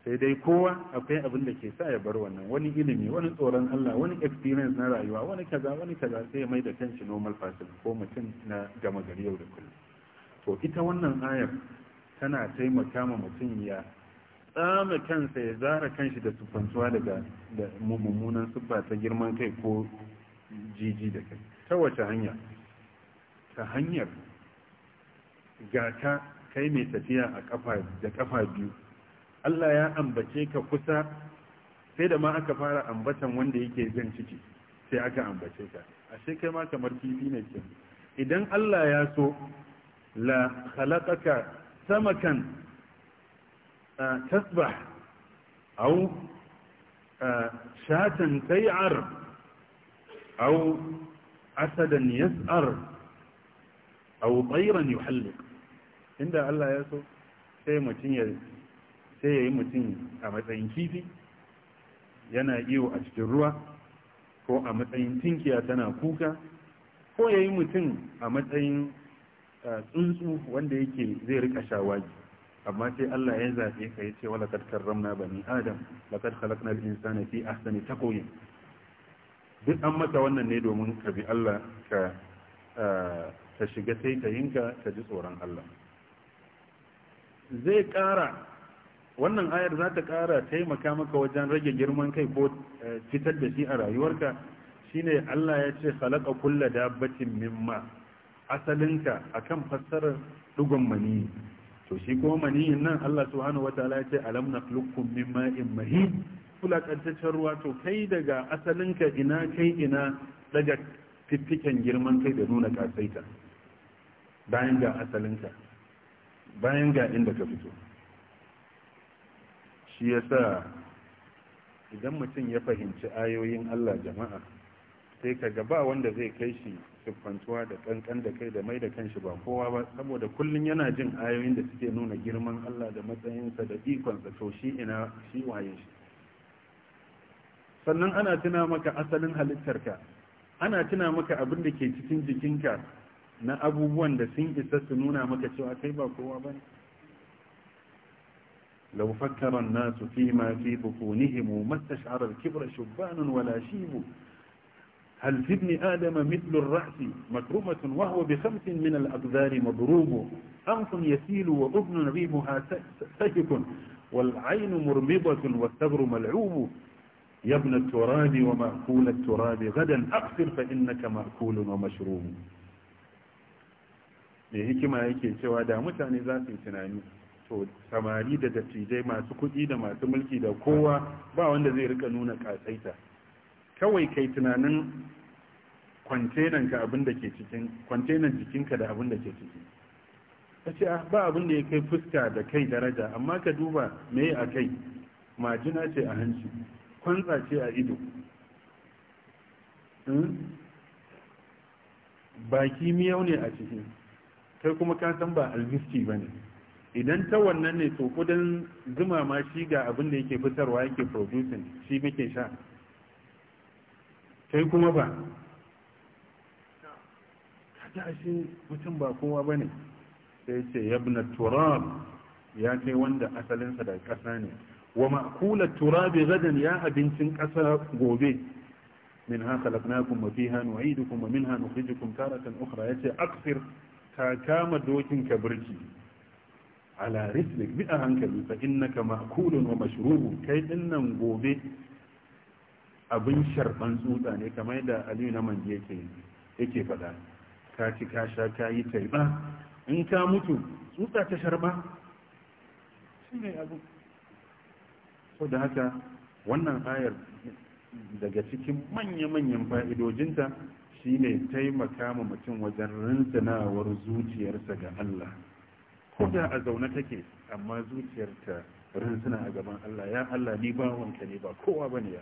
sai dai kowa akwai abin da ke sa ya bar wannan wani ilimi wani tsoron Allah wani experience na rayuwa wani kaza wani kaza sai ya mai da kanshi normal person ko mutum na gama gari yau da kullum to ita wannan ayar tana taimaka ma mutum ya tsama kansa ya zara kanshi da sufantuwa daga mummunan siffa ta girman kai ko jiji da kai ta wace hanya ta hanyar gata kai mai tafiya a kafa da kafa biyu Allah ya ambace ka kusa sai da ma aka fara ambatan wanda yake zan ciki sai aka ambace ka ashe kai ma kamar kifi ne ke idan Allah ya so la khalaqaka samakan tasbah au shatan tay'ar au asadan yas'ar aw tayran yuhalliq inda Allah ya so sai mutum ya sai yayi mutum a matsayin kifi yana iyo a cikin ruwa ko a matsayin tinkiya tana kuka ko yayi mutum a matsayin tsuntsu wanda yake zai rika shawagi amma sai Allah ya zafi ka yace cewa lakarkar ramna bani adam laqad khalaqna al-insana fi ahsani taqwim duk an masa wannan ne domin ka bi Allah ka ta shiga sai ta ta ji tsoron Allah zai ƙara wannan ayar za ta ƙara taimaka maka wajen rage girman kai ko eh, fitar da shi a rayuwarka shi ne Allah ya ce halaka kulla dabbatin mimma asalinka a kan fassarar dugon mani to shi kuma maniyin nan Allah subhanahu wataala ya ce alam nakhluqukum mimma in mahi fulakantaccen ruwa to kai daga asalinka ina kai ina daga fiffiken girman kai da nuna kasaita bayan ga asalinka bayan ga inda ka fito shi ya sa idan mutum ya fahimci ayoyin Allah jama'a sai ka gaba wanda zai kai shi siffantuwa da kankan da kai da mai da kanshi ba kowa ba saboda kullum yana jin ayoyin da suke nuna girman Allah da matsayinsa da ikonsa to shi ina shi waye shi sannan ana tuna maka asalin halittarka ana tuna maka abin da ke cikin jikinka na abubuwan da sun isa su nuna maka cewa kai ba kowa ba ne لو فكر الناس فيما في بطونهم ما استشعر الكبر شبان ولا شيب هل في ابن آدم مثل الرأس مكرمة وهو بخمس من الأبذار مضروب أنف يسيل وأذن ريمها سهك والعين مرمضة والثغر ملعوب يا ابن التراب ومأكول التراب غدا أقصر فإنك مأكول ومشروب mai hikima yake cewa da mutane za su yi tunani to samari da dattijai masu kuɗi da masu mulki da kowa ba wanda zai rika nuna katsaita kawai kai tunanin kwantenanka abinda ke cikin kwantenan jikinka da abin ke ciki a ce ah, ba abin ya kai fuska da kai daraja amma ka duba me a kai majina ce a hanci kwantsa ce a ido hmm? baki miyau ne a ciki kai kuma ka san ba almiski ba ne idan ta wannan ne to kudin zuma ma shi ga abin da yake fitarwa yake producing shi muke sha kai kuma ba ta shi mutum ba kowa ba ne sai ce yabna turab ya ce wanda asalinsa da ƙasa ne wa ma'kula turabi gadan ya abincin ƙasa gobe min ha khalaqnakum fiha nu'idukum wa minha nukhrijukum taratan ukhra yace akfir Ta kama dokin ka birki ala rislik bi a hankali fa innaka ma'kulun wa mashrubu kai nan gobe abin sharban tsutsa ne kamar da Aliyu na manje yake yake faɗa ka ci ka sha ka yi taiba in ka mutu tsutsa ta sharba shi abu so da haka wannan ayar daga cikin manya-manyan fa'idojinta shine taimaka ma mutum wajen rintunawar zuciyarsa ga Allah koda a zaune take amma zuciyarta rinsuna a gaban Allah ya Allah ni ba wanka ne ba kowa bane ya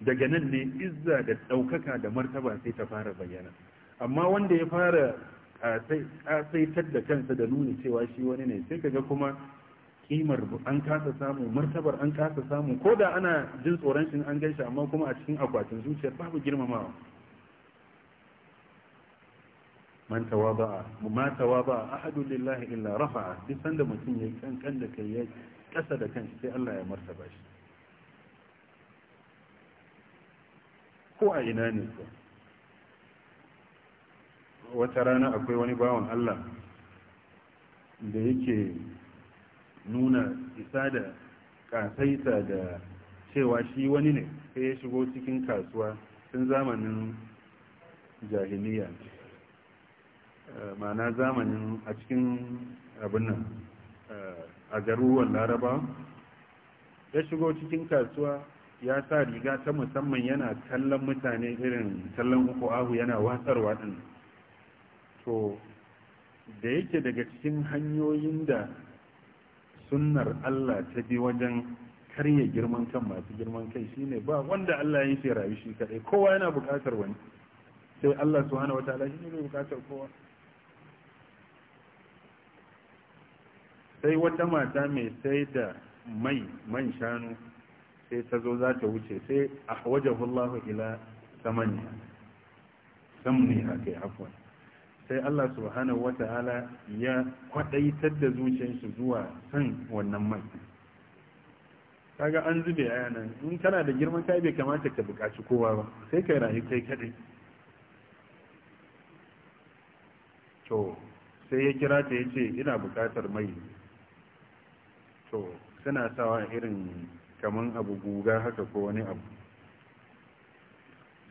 daga nan ne izza da ɗaukaka da martaba sai ta fara bayyana amma wanda ya fara ƙasaitar da kansa da nuni cewa shi wani ne sai kaga kuma kimar an kasa samu martabar an kasa samu ko da ana jin tsoron shi an gaishe amma kuma a cikin akwatin zuciyar babu girmamawa man tawaba ma tawaba ahadu lillahi illa rafa'a duk sanda mutum ya kankan da kai ya kasa da kanshi sai Allah ya martaba shi ko a ina ne ko wata rana akwai wani bawan Allah da yake nuna isa da kasaita da cewa shi wani ne sai ya shigo cikin kasuwa tun zamanin jahiliya eh, ma'ana zamanin a cikin abin nan eh, a garuruwan laraba ya shigo cikin kasuwa ya sa riga ta musamman yana kallon mutane irin kallon uku ahu yana watsarwa ɗin to da yake daga cikin hanyoyin da sunnar Allah ta bi wajen karya girman kan masu girman kai shine ba wanda Allah ya yi rayu shi kadai kowa yana bukatar wani sai Allah hana wata shi ne zai bukatar kowa sai wata mata mai sai da mai man shanu sai ta zo za ta wuce sai a wajen Allah ila samaniya samniya kai afwan sai Allah subhanahu wata'ala ya kwadaitar da zuciyarsu zuwa san wannan mai kaga an zube a yanan in kana da girman kai bai kamata ka buƙaci kowa ba sai kai rayu kai kadai. to sai ya kira ta ya ce ina buƙatar mai to suna sawa irin kaman abu guga haka ko wani abu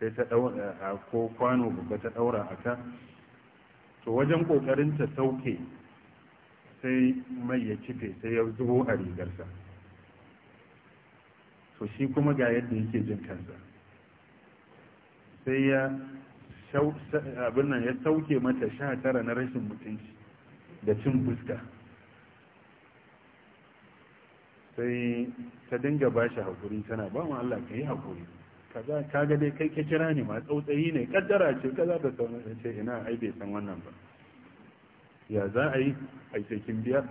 sai ta ɗaura ko kwano babba ta ɗaura a ka to wajen kokarin ta sauke sai mai ya cife sai ya zubo a rigarsa to shi kuma ga yadda yake jin kansa sai ya abin nan ya sauke mata sha tara na rashin mutunci da cin fuska sai ta dinga ba shi haƙuri tana ba mu Allah ka yi haƙuri kaza kaga dai kai ke kira ne ma tsautsayi ne kaddara ce kaza da sauran ce ina ai bai san wannan ba ya za a yi ai sai kin biya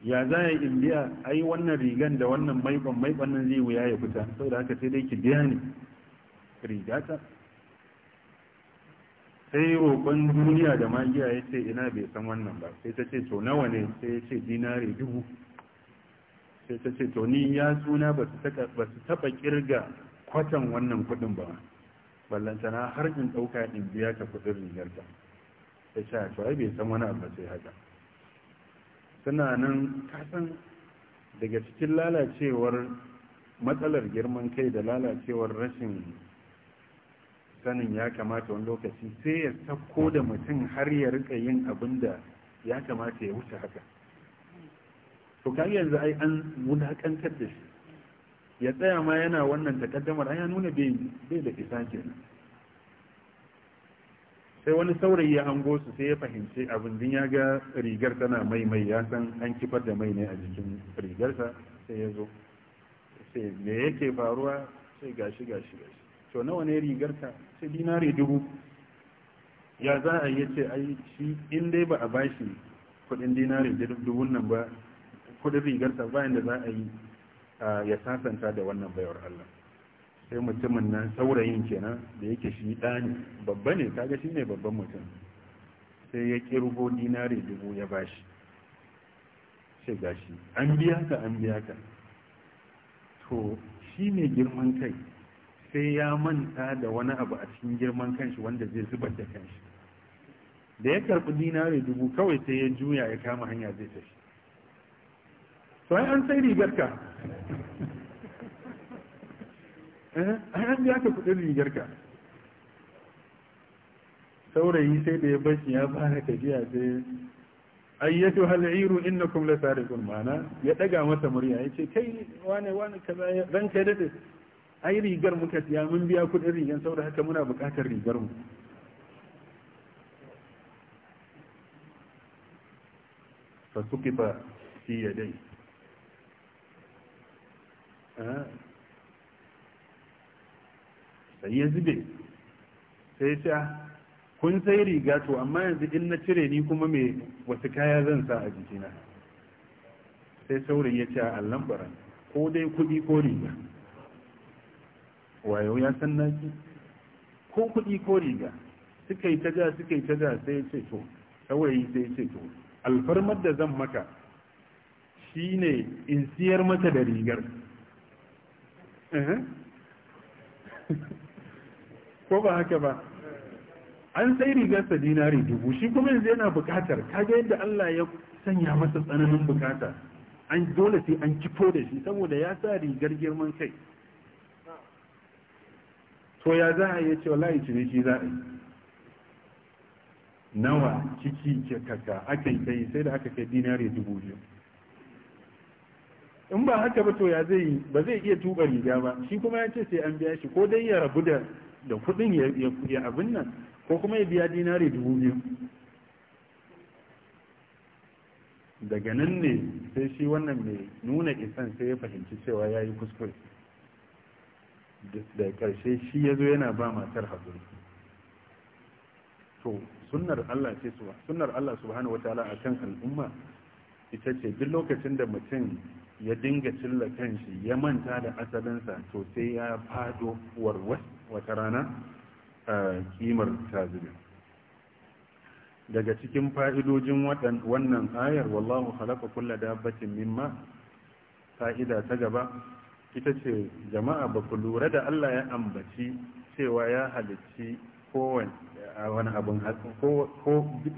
ya za a yi in biya ai wannan rigan da wannan maikon maikon nan zai wuya ya fita saboda haka sai dai ki biya ne rigata sai roƙon duniya da magiya ya ce ina bai san wannan ba sai ta ce to nawa ne sai ya ce dinari dubu sai ta ce to ya tsuna ba su taba kirga kwatan wannan kudin ba ballantana har in ɗauka in biya ta kudin rigarta ta sha to ai bai san wani abu sai haka suna nan kasan daga cikin lalacewar matsalar girman kai da lalacewar rashin sanin ya kamata wani lokaci sai ya sako da mutum har ya rika yin abin da ya kamata ya wuce haka to ka yanzu ai an wulakantar da shi ya tsaya ma yana wannan takaddamar ai ya nuna bai da isa kenan sai wani saurayi ya hango su sai ya fahimci abin din ya ga rigar tana mai mai ya san an kifar da mai ne a jikin rigar sa sai ya zo sai me yake faruwa sai gashi gashi gashi to nawa ne rigar ka? sai dinari dubu ya za a yi ce ai shi in dai ba a bashi kudin dinari dubun nan ba kudin rigarsa bayan da za a yi ya sasanta da wannan bayar Allah sai mutumin nan saurayin kenan da yake shi ne, babba ne kaga shi ne babban mutum sai ya kirgo dinare dubu ya bashi sai gashi an biya ka an biya ka to shi ne girman kai sai ya manta da wani abu a cikin girman kanshi wanda zai zubar da kanshi da ya karɓi dinare dubu kawai sai ya juya ya kama hanya zai tafi Sai an sai rigar ka eh, an biya ka kudin rigar ka saurayi sai da ya bashi ya fara tafiya sai ayyatu hal'iru innakum la sariqun mana ya daga masa murya yace kai wane wane kaza ran kai dade ai rigar muka siya mun biya kudin rigar saboda haka muna bukatar rigar mu fa sukifa fi Eh. sai ya zube sai ya ah, kun sai riga to amma yanzu in na cire ni kuma mai wasu kaya zan sa a jikina sai saurayi ya ce a ah, lambaran ko dai kudi ko riga wayo ya san naki ko kudi ko riga suka yi ta ja suka yi ta ja sai ce to saurayi sai ce to alfarmar da zan maka shine in siyar mata da rigar ko ba haka ba an sai rigarsa dinari dubu shi kuma yanzu yana bukatar kaga yadda Allah ya sanya masa tsananin bukata an dole sai an kifo da shi saboda ya sa rigar girman kai to ya za a yi ce wallahi shi za a yi nawa ciki ke kaka akan kai sai da aka kai dinari dubu biyu in ba haka ba to ya zai yi ba zai iya tuba riga ba shi kuma ya ce sai an biya shi ko dai ya rabu da da kuɗin ya abin nan ko kuma ya biya dinari dubu biyu daga nan ne sai shi wannan mai nuna isan sai ya fahimci cewa ya yi kuskure da karshe shi ya zo yana ba matar haƙuri to sunnar Allah ce sunnar Allah subhanahu wataala kan al'umma ita ce duk lokacin da mutum ya dinga cilla kanshi ya manta da asalinsa to sai ya fado warwas wata rana a kimar tazibin daga cikin fa'idojin wannan ayar wallahu halaka kulla dabbatin mimma fa'ida ta gaba ita ce jama'a ba ku lura da Allah ya ambaci cewa ya halicci ko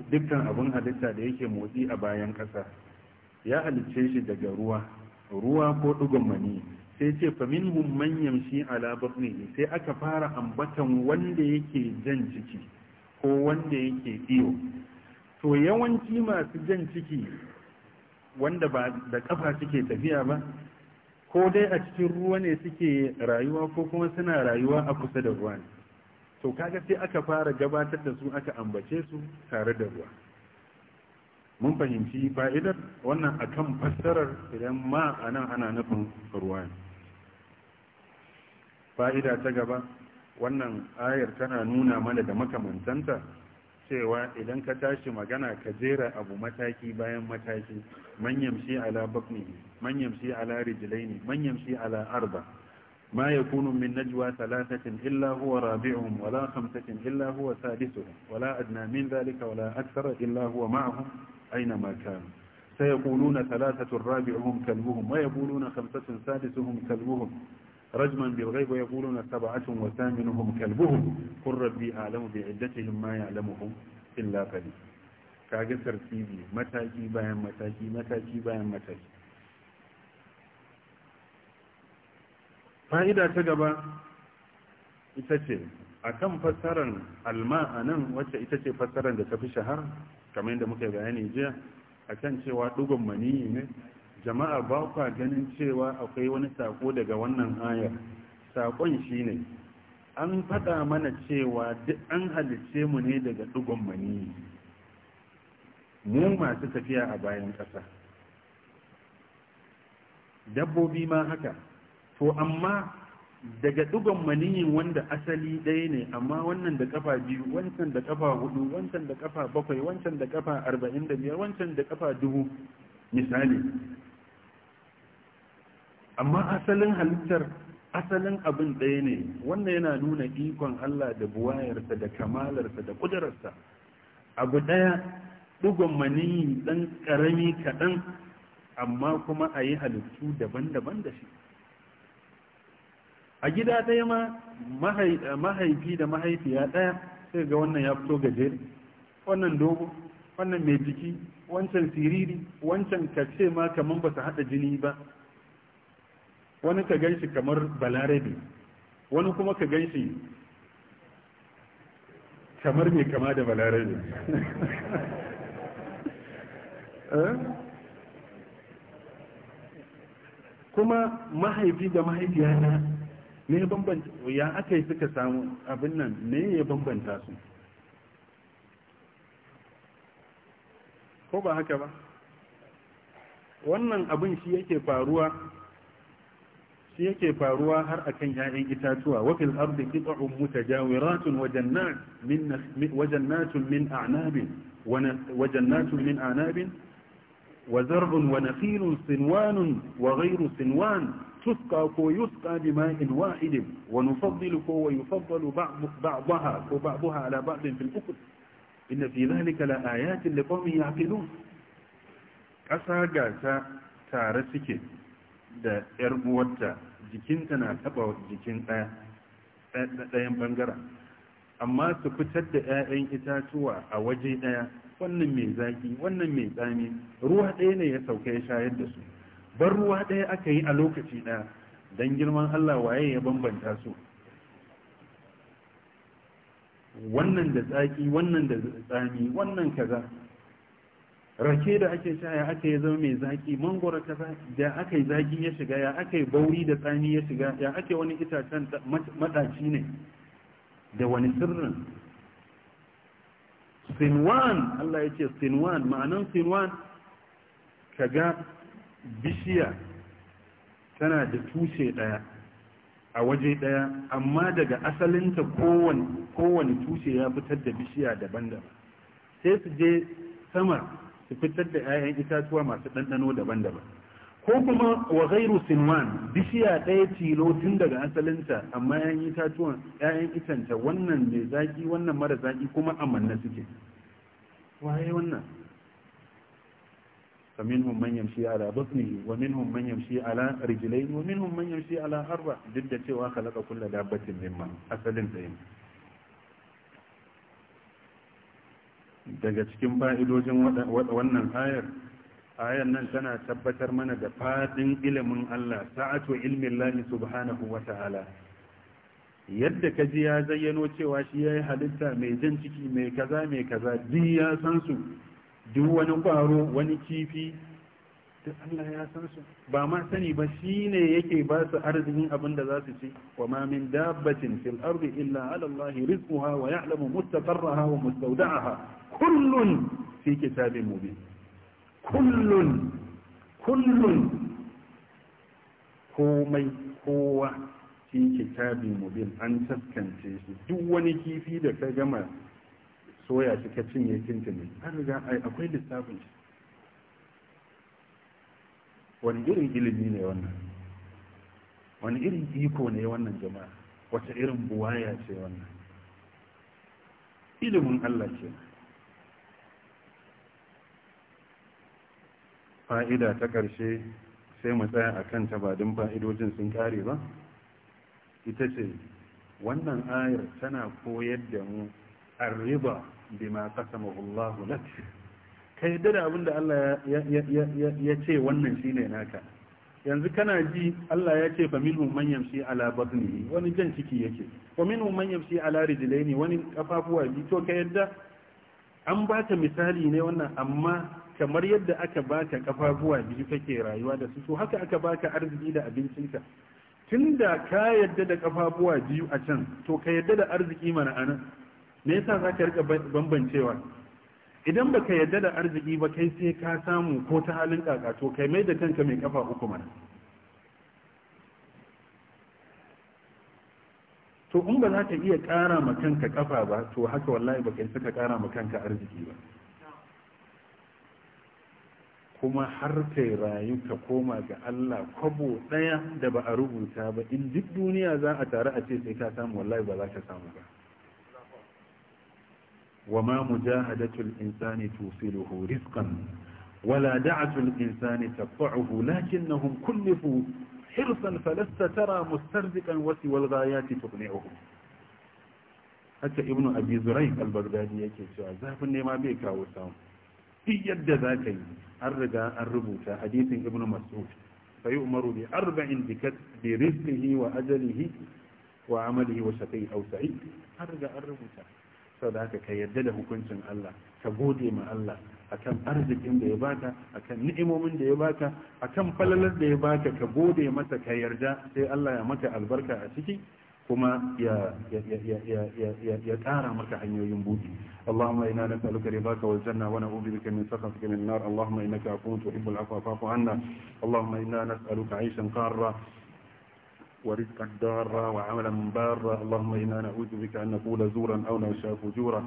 dukkan abin halitta da yake motsi a bayan ƙasa ya halicce shi daga ruwa ruwa ko ɗigon mani sai ce famin man yamshi ala batnihi sai aka fara ambatan wanda yake jan ciki ko wanda yake iyo to yawanci masu jan ciki wanda ba da kafa suke tafiya ba ko dai a cikin ruwa ne suke rayuwa ko kuma suna rayuwa a kusa da ruwa ne to kaga sai aka fara gabatar da su aka ambace su tare da ruwa mun fahimci fa'idar wannan akan fassarar idan ma a nan ana nufin ruwa fa'ida ta gaba wannan ayar tana nuna mana da makamantanta cewa idan ka tashi magana ka jera abu mataki bayan mataki manyan shi ala bakni manyan shi ala rijilaini manyan shi ala arba ما يكون من نجوى ثلاثة إلا هو رابعهم ولا خمسة إلا هو سادسهم ولا أدنى من أينما كانوا سيقولون ثلاثة رابعهم كلبهم ويقولون خمسة سادسهم كلبهم رجما بالغيب ويقولون سبعة وثامنهم كلبهم قل ربي أعلم بعدتهم ما يعلمهم إلا قليل متى جيبا متى جيبا متى جيبا متى جيبا فإذا تجب itace أكم fassarar الماء anan wacce فسرا ce kamar yadda muka bayani jiya a kan cewa dugun maniyi ne jama'a ba kwa ganin cewa akwai wani sako daga wannan ayar sakon ne. an faɗa mana cewa duk an halice mu ne daga dugun maniyi mu masu tafiya a bayan ƙasa dabbobi ma haka to amma daga dugon maniyin wanda asali ɗaya ne amma wannan da kafa biyu wancan da kafa hudu wancan da kafa bakwai wancan da kafa arba'in da biyar wancan da kafa dubu misali amma asalin halittar asalin abin ɗaya ne wannan yana nuna ikon Allah da buwayarsa da kamalarsa da ƙudurarsa abu ɗaya ɗigon maniyi ɗan ƙarami kaɗan amma kuma a yi halittu daban-daban da shi a gida ɗaya ma mahaifi da mahaifiya ɗaya sai ga wannan ya fito gaje wannan dogo wannan mai jiki wancan siriri wancan ka ce ma kamar ba su haɗa jini ba wani ka gan shi kamar balarabe wani kuma ka gan shi kamar mai kama da balarabe eh? kuma mahaifi da mahaifiya na ne bambanta ya aka yi suka samu abin nan ne ya bambanta su ko ba haka ba wannan abin shi yake faruwa shi yake faruwa har akan 'ya'yan itatuwa wa fil ardi qit'un mutajawiratun wa jannatun min wa jannatun min a'nabin wa jannatun min a'nabin وزرع sinwanun wa ghayru صنوان تسقى كو يسقى بماء واحد ونفضل كو ويفضل بعض بعضها كو بعضها على بعض في الأخر إن في ذلك لآيات لقوم يعقلون ƙasa gasa tare suke da 'yar uwarta jikinta na taɓa jikin ɗayan ɓangaren amma su fitar da 'ya'yan itatuwa a waje ɗaya wannan mai zaki wannan mai tsami ruwa ɗaya ne ya sauka ya shayar da su bar ruwa ɗaya aka yi a lokaci ɗaya don girman Allah waye ya bambanta su wannan da tsaki wannan da tsami wannan kaza rake da ake sha ya aka yi zama mai zaki mangoro kaza da aka yi zaki ya shiga ya aka yi bauri da tsami ya shiga ya aka yi wani itacen mataci ne da wani sirrin sinwan Allah ya ce sinwan ma'anan sinwan kaga bishiya tana da tushe ɗaya a waje ɗaya amma daga asalinta kowane tushe ya fitar da bishiya daban-daban sai su je sama su fitar da 'ya'yan itatuwa masu ɗanɗano daban-daban ko kuma wa gairu sinwan bishiya ɗaya tilo tun daga asalinta amma 'ya'yan itatuwan itanta wannan mai zaƙi wannan mara zaƙi kuma amanna suke wannan فمنهم من يمشي على بطنه ومنهم من يمشي على رجلين ومنهم من يمشي على أربع ضد سوى كل دابة مما أسلم زين daga cikin fa'idojin wannan ayar ayar nan tana tabbatar mana da faɗin ilimin Allah sa'atu ilmin lahi subhanahu wa ta'ala yadda ka ji ya zayyano cewa shi ya yi halitta mai jan ciki mai kaza mai kaza duk ya san su duk wani kwaro, wani kifi duk Allah ya san su ba ma sani ba shine yake ba su arzikin abin da za su ci wa ma min dabbatin fil ardi illa ala Allah rizquha wa ya'lamu mustaqarraha wa mustawda'aha kullun fi kitabin mubin kullun kullun komai kowa fi kitabin mubin an taskance shi duk wani kifi da ka gama soya shi ka cinye tintini an riga akwai lissafin shi wani irin ilimi ne wannan wani irin iko ne wannan jama'a wata irin buwaya ce wannan ilimin Allah ke fa'ida ta ƙarshe sai mu tsaya a kan tabadin fa'idojin sun kare ba ita ce wannan ayar tana koyar da mu riba bima qasamahu Allah lak ka yadda da abinda Allah ya ce wannan shine naka yanzu kana ji Allah ya ce fa minhum man yamshi ala batnihi wani jan ciki yake fa minhum man yamshi ala rijlaini wani kafafuwa bi to ka yadda an baka misali ne wannan amma kamar yadda aka baka kafafuwa biyu kake rayuwa da su to haka aka baka arziki da abincinka tunda ka yadda da kafafuwa biyu a can to ka yadda da arziki mana anan me yasa za ka rika bambancewa idan baka yadda da arziki ba kai sai ka samu ko ta halin to kai mai da kanka mai kafa uku mana to in ba za ka iya kara ma kanka kafa ba to haka wallahi ba kai saka kara ma kanka arziki ba kuma har kai rayu ka koma ga Allah kwabo daya da ba a rubuta ba in duk duniya za a tare a ce sai ka samu wallahi ba za ka samu ba وما مجاهدة الإنسان توصله رزقا ولا دعة الإنسان تقطعه لكنهم كلفوا حرصا فلست ترى مسترزقا وسوى الغايات تقنعهم حتى ابن أبي زريق البغدادي يكي سوى ذهب النما بيك وسام في يد ذاك الرجاء الربوت حديث ابن مسعود فيؤمر بأربع برزقه وأجله وعمله وشقي أو سعيد الرجاء الربوت saboda haka ka yarda da hukuncin Allah ka gode ma Allah akan arzikin da ya baka akan ni'imomin da ya baka akan falalar da ya baka ka gode masa ka yarda sai Allah ya maka albarka a ciki kuma ya ya maka hanyoyin buɗi Allahumma inna nas'aluka ridaka wal janna wa na'udhu bika min sakhatika min nar Allahumma innaka afuwwun tuhibbul afwa fa'fu 'anna Allahumma inna nas'aluka ورزقا دارا وعملا بارا اللهم إنا نعوذ بك أن نقول زورا أو نشاء فجورا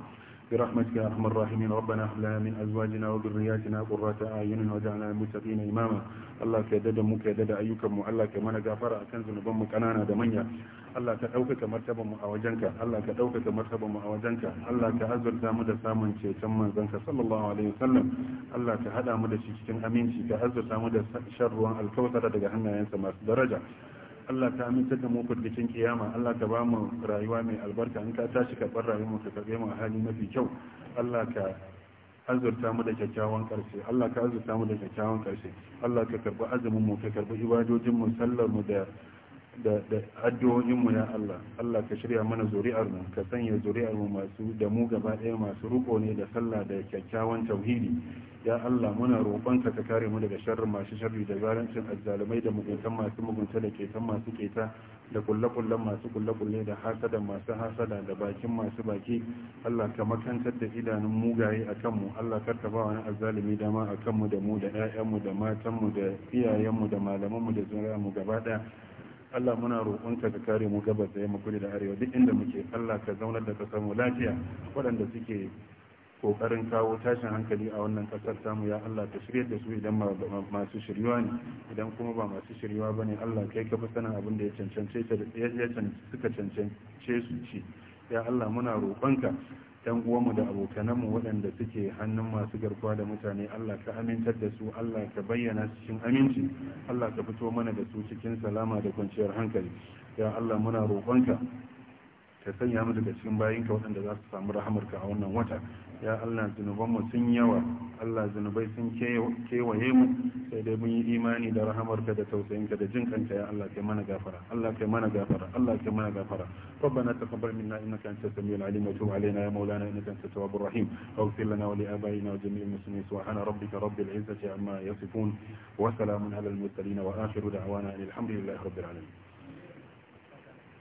برحمتك يا ارحم الراحمين ربنا هب لنا من ازواجنا وذرياتنا قرة اعين واجعلنا للمتقين اماما الله كددا مو كددا ايكم الله كما نغفر اكن ذنوبن mu kanana da manya Allah ka daukaka martaban mu a wajenka Allah ka daukaka martaban mu a wajenka Allah ka azurta mu da samun ceton manzanka sallallahu alaihi wasallam Allah ka hada mu da shi cikin aminci ka azurta mu da sharruwan daga hannayensa masu daraja Allah ka aminta da mu furgicin kiyama Allah ka ba mu rayuwa mai albarka in ka tashi karɓar rayuwar mu ka karɓe mu hali mafi kyau Allah ka azurta mu da kyakkyawan karshe Allah ka azurta mu da kyakkyawan karshe Allah ka karbi azumin mu ka karbi ibadojin mu sallar mu da da addu'o'inmu ya Allah Allah ka shirya mana zuri'ar mu ka sanya zuri'ar mu masu da mu gaba ɗaya masu ruko ne da sallah da kyakkyawan tauhidi ya Allah muna roƙon ka kare mu daga sharrin masu sharri da zalancin azzalumai da muguntan masu mugunta da ketan masu keta da kullakullan masu kullakulle da hasada masu hasada da bakin masu baki Allah ka makantar da idanun mugaye a kanmu Allah ka ba wani azzalumi dama a kanmu da mu da 'ya'yanmu da matanmu da iyayenmu da malamanmu da zuri'armu gaba ɗaya Allah muna roƙonka ka kare mu gabas da yamma kudu da arewa duk inda muke Allah ka zaunar da kasar mu lafiya waɗanda suke kokarin kawo tashin hankali a wannan ƙasar samu ya Allah ka shirya da su idan masu shiryuwa ne idan kuma ba masu shiryuwa ba ne Allah kai ka fi sanin abin da ya cancance suka cancance su ci ya Allah muna roƙonka yan uwanmu da abokananmu waɗanda suke hannun masu garkuwa da mutane Allah ka amintar da su Allah ka bayyana su cikin aminci Allah ka fito mana da su cikin salama da kwanciyar hankali ya Allah muna roƙonka ka sanya mu daga cikin bayinka waɗanda za su samu rahamarka a wannan wata ya Allah zunubanmu sun yawa Allah zunubai sun kewaye mu sai dai mun yi imani da rahamarka da tausayinka da jin kanta ya Allah kai mana gafara Allah kai mana gafara Allah kai mana gafara rabbana taqabbal minna innaka antas samiul alim wa tub alaina ya maulana innaka antat tawwabur rahim waghfir lana wa li abaina wa jami'il muslimin subhana rabbika rabbil izzati amma yasifun wa salamun alal mursalin wa akhiru da'wana alhamdulillahi rabbil alamin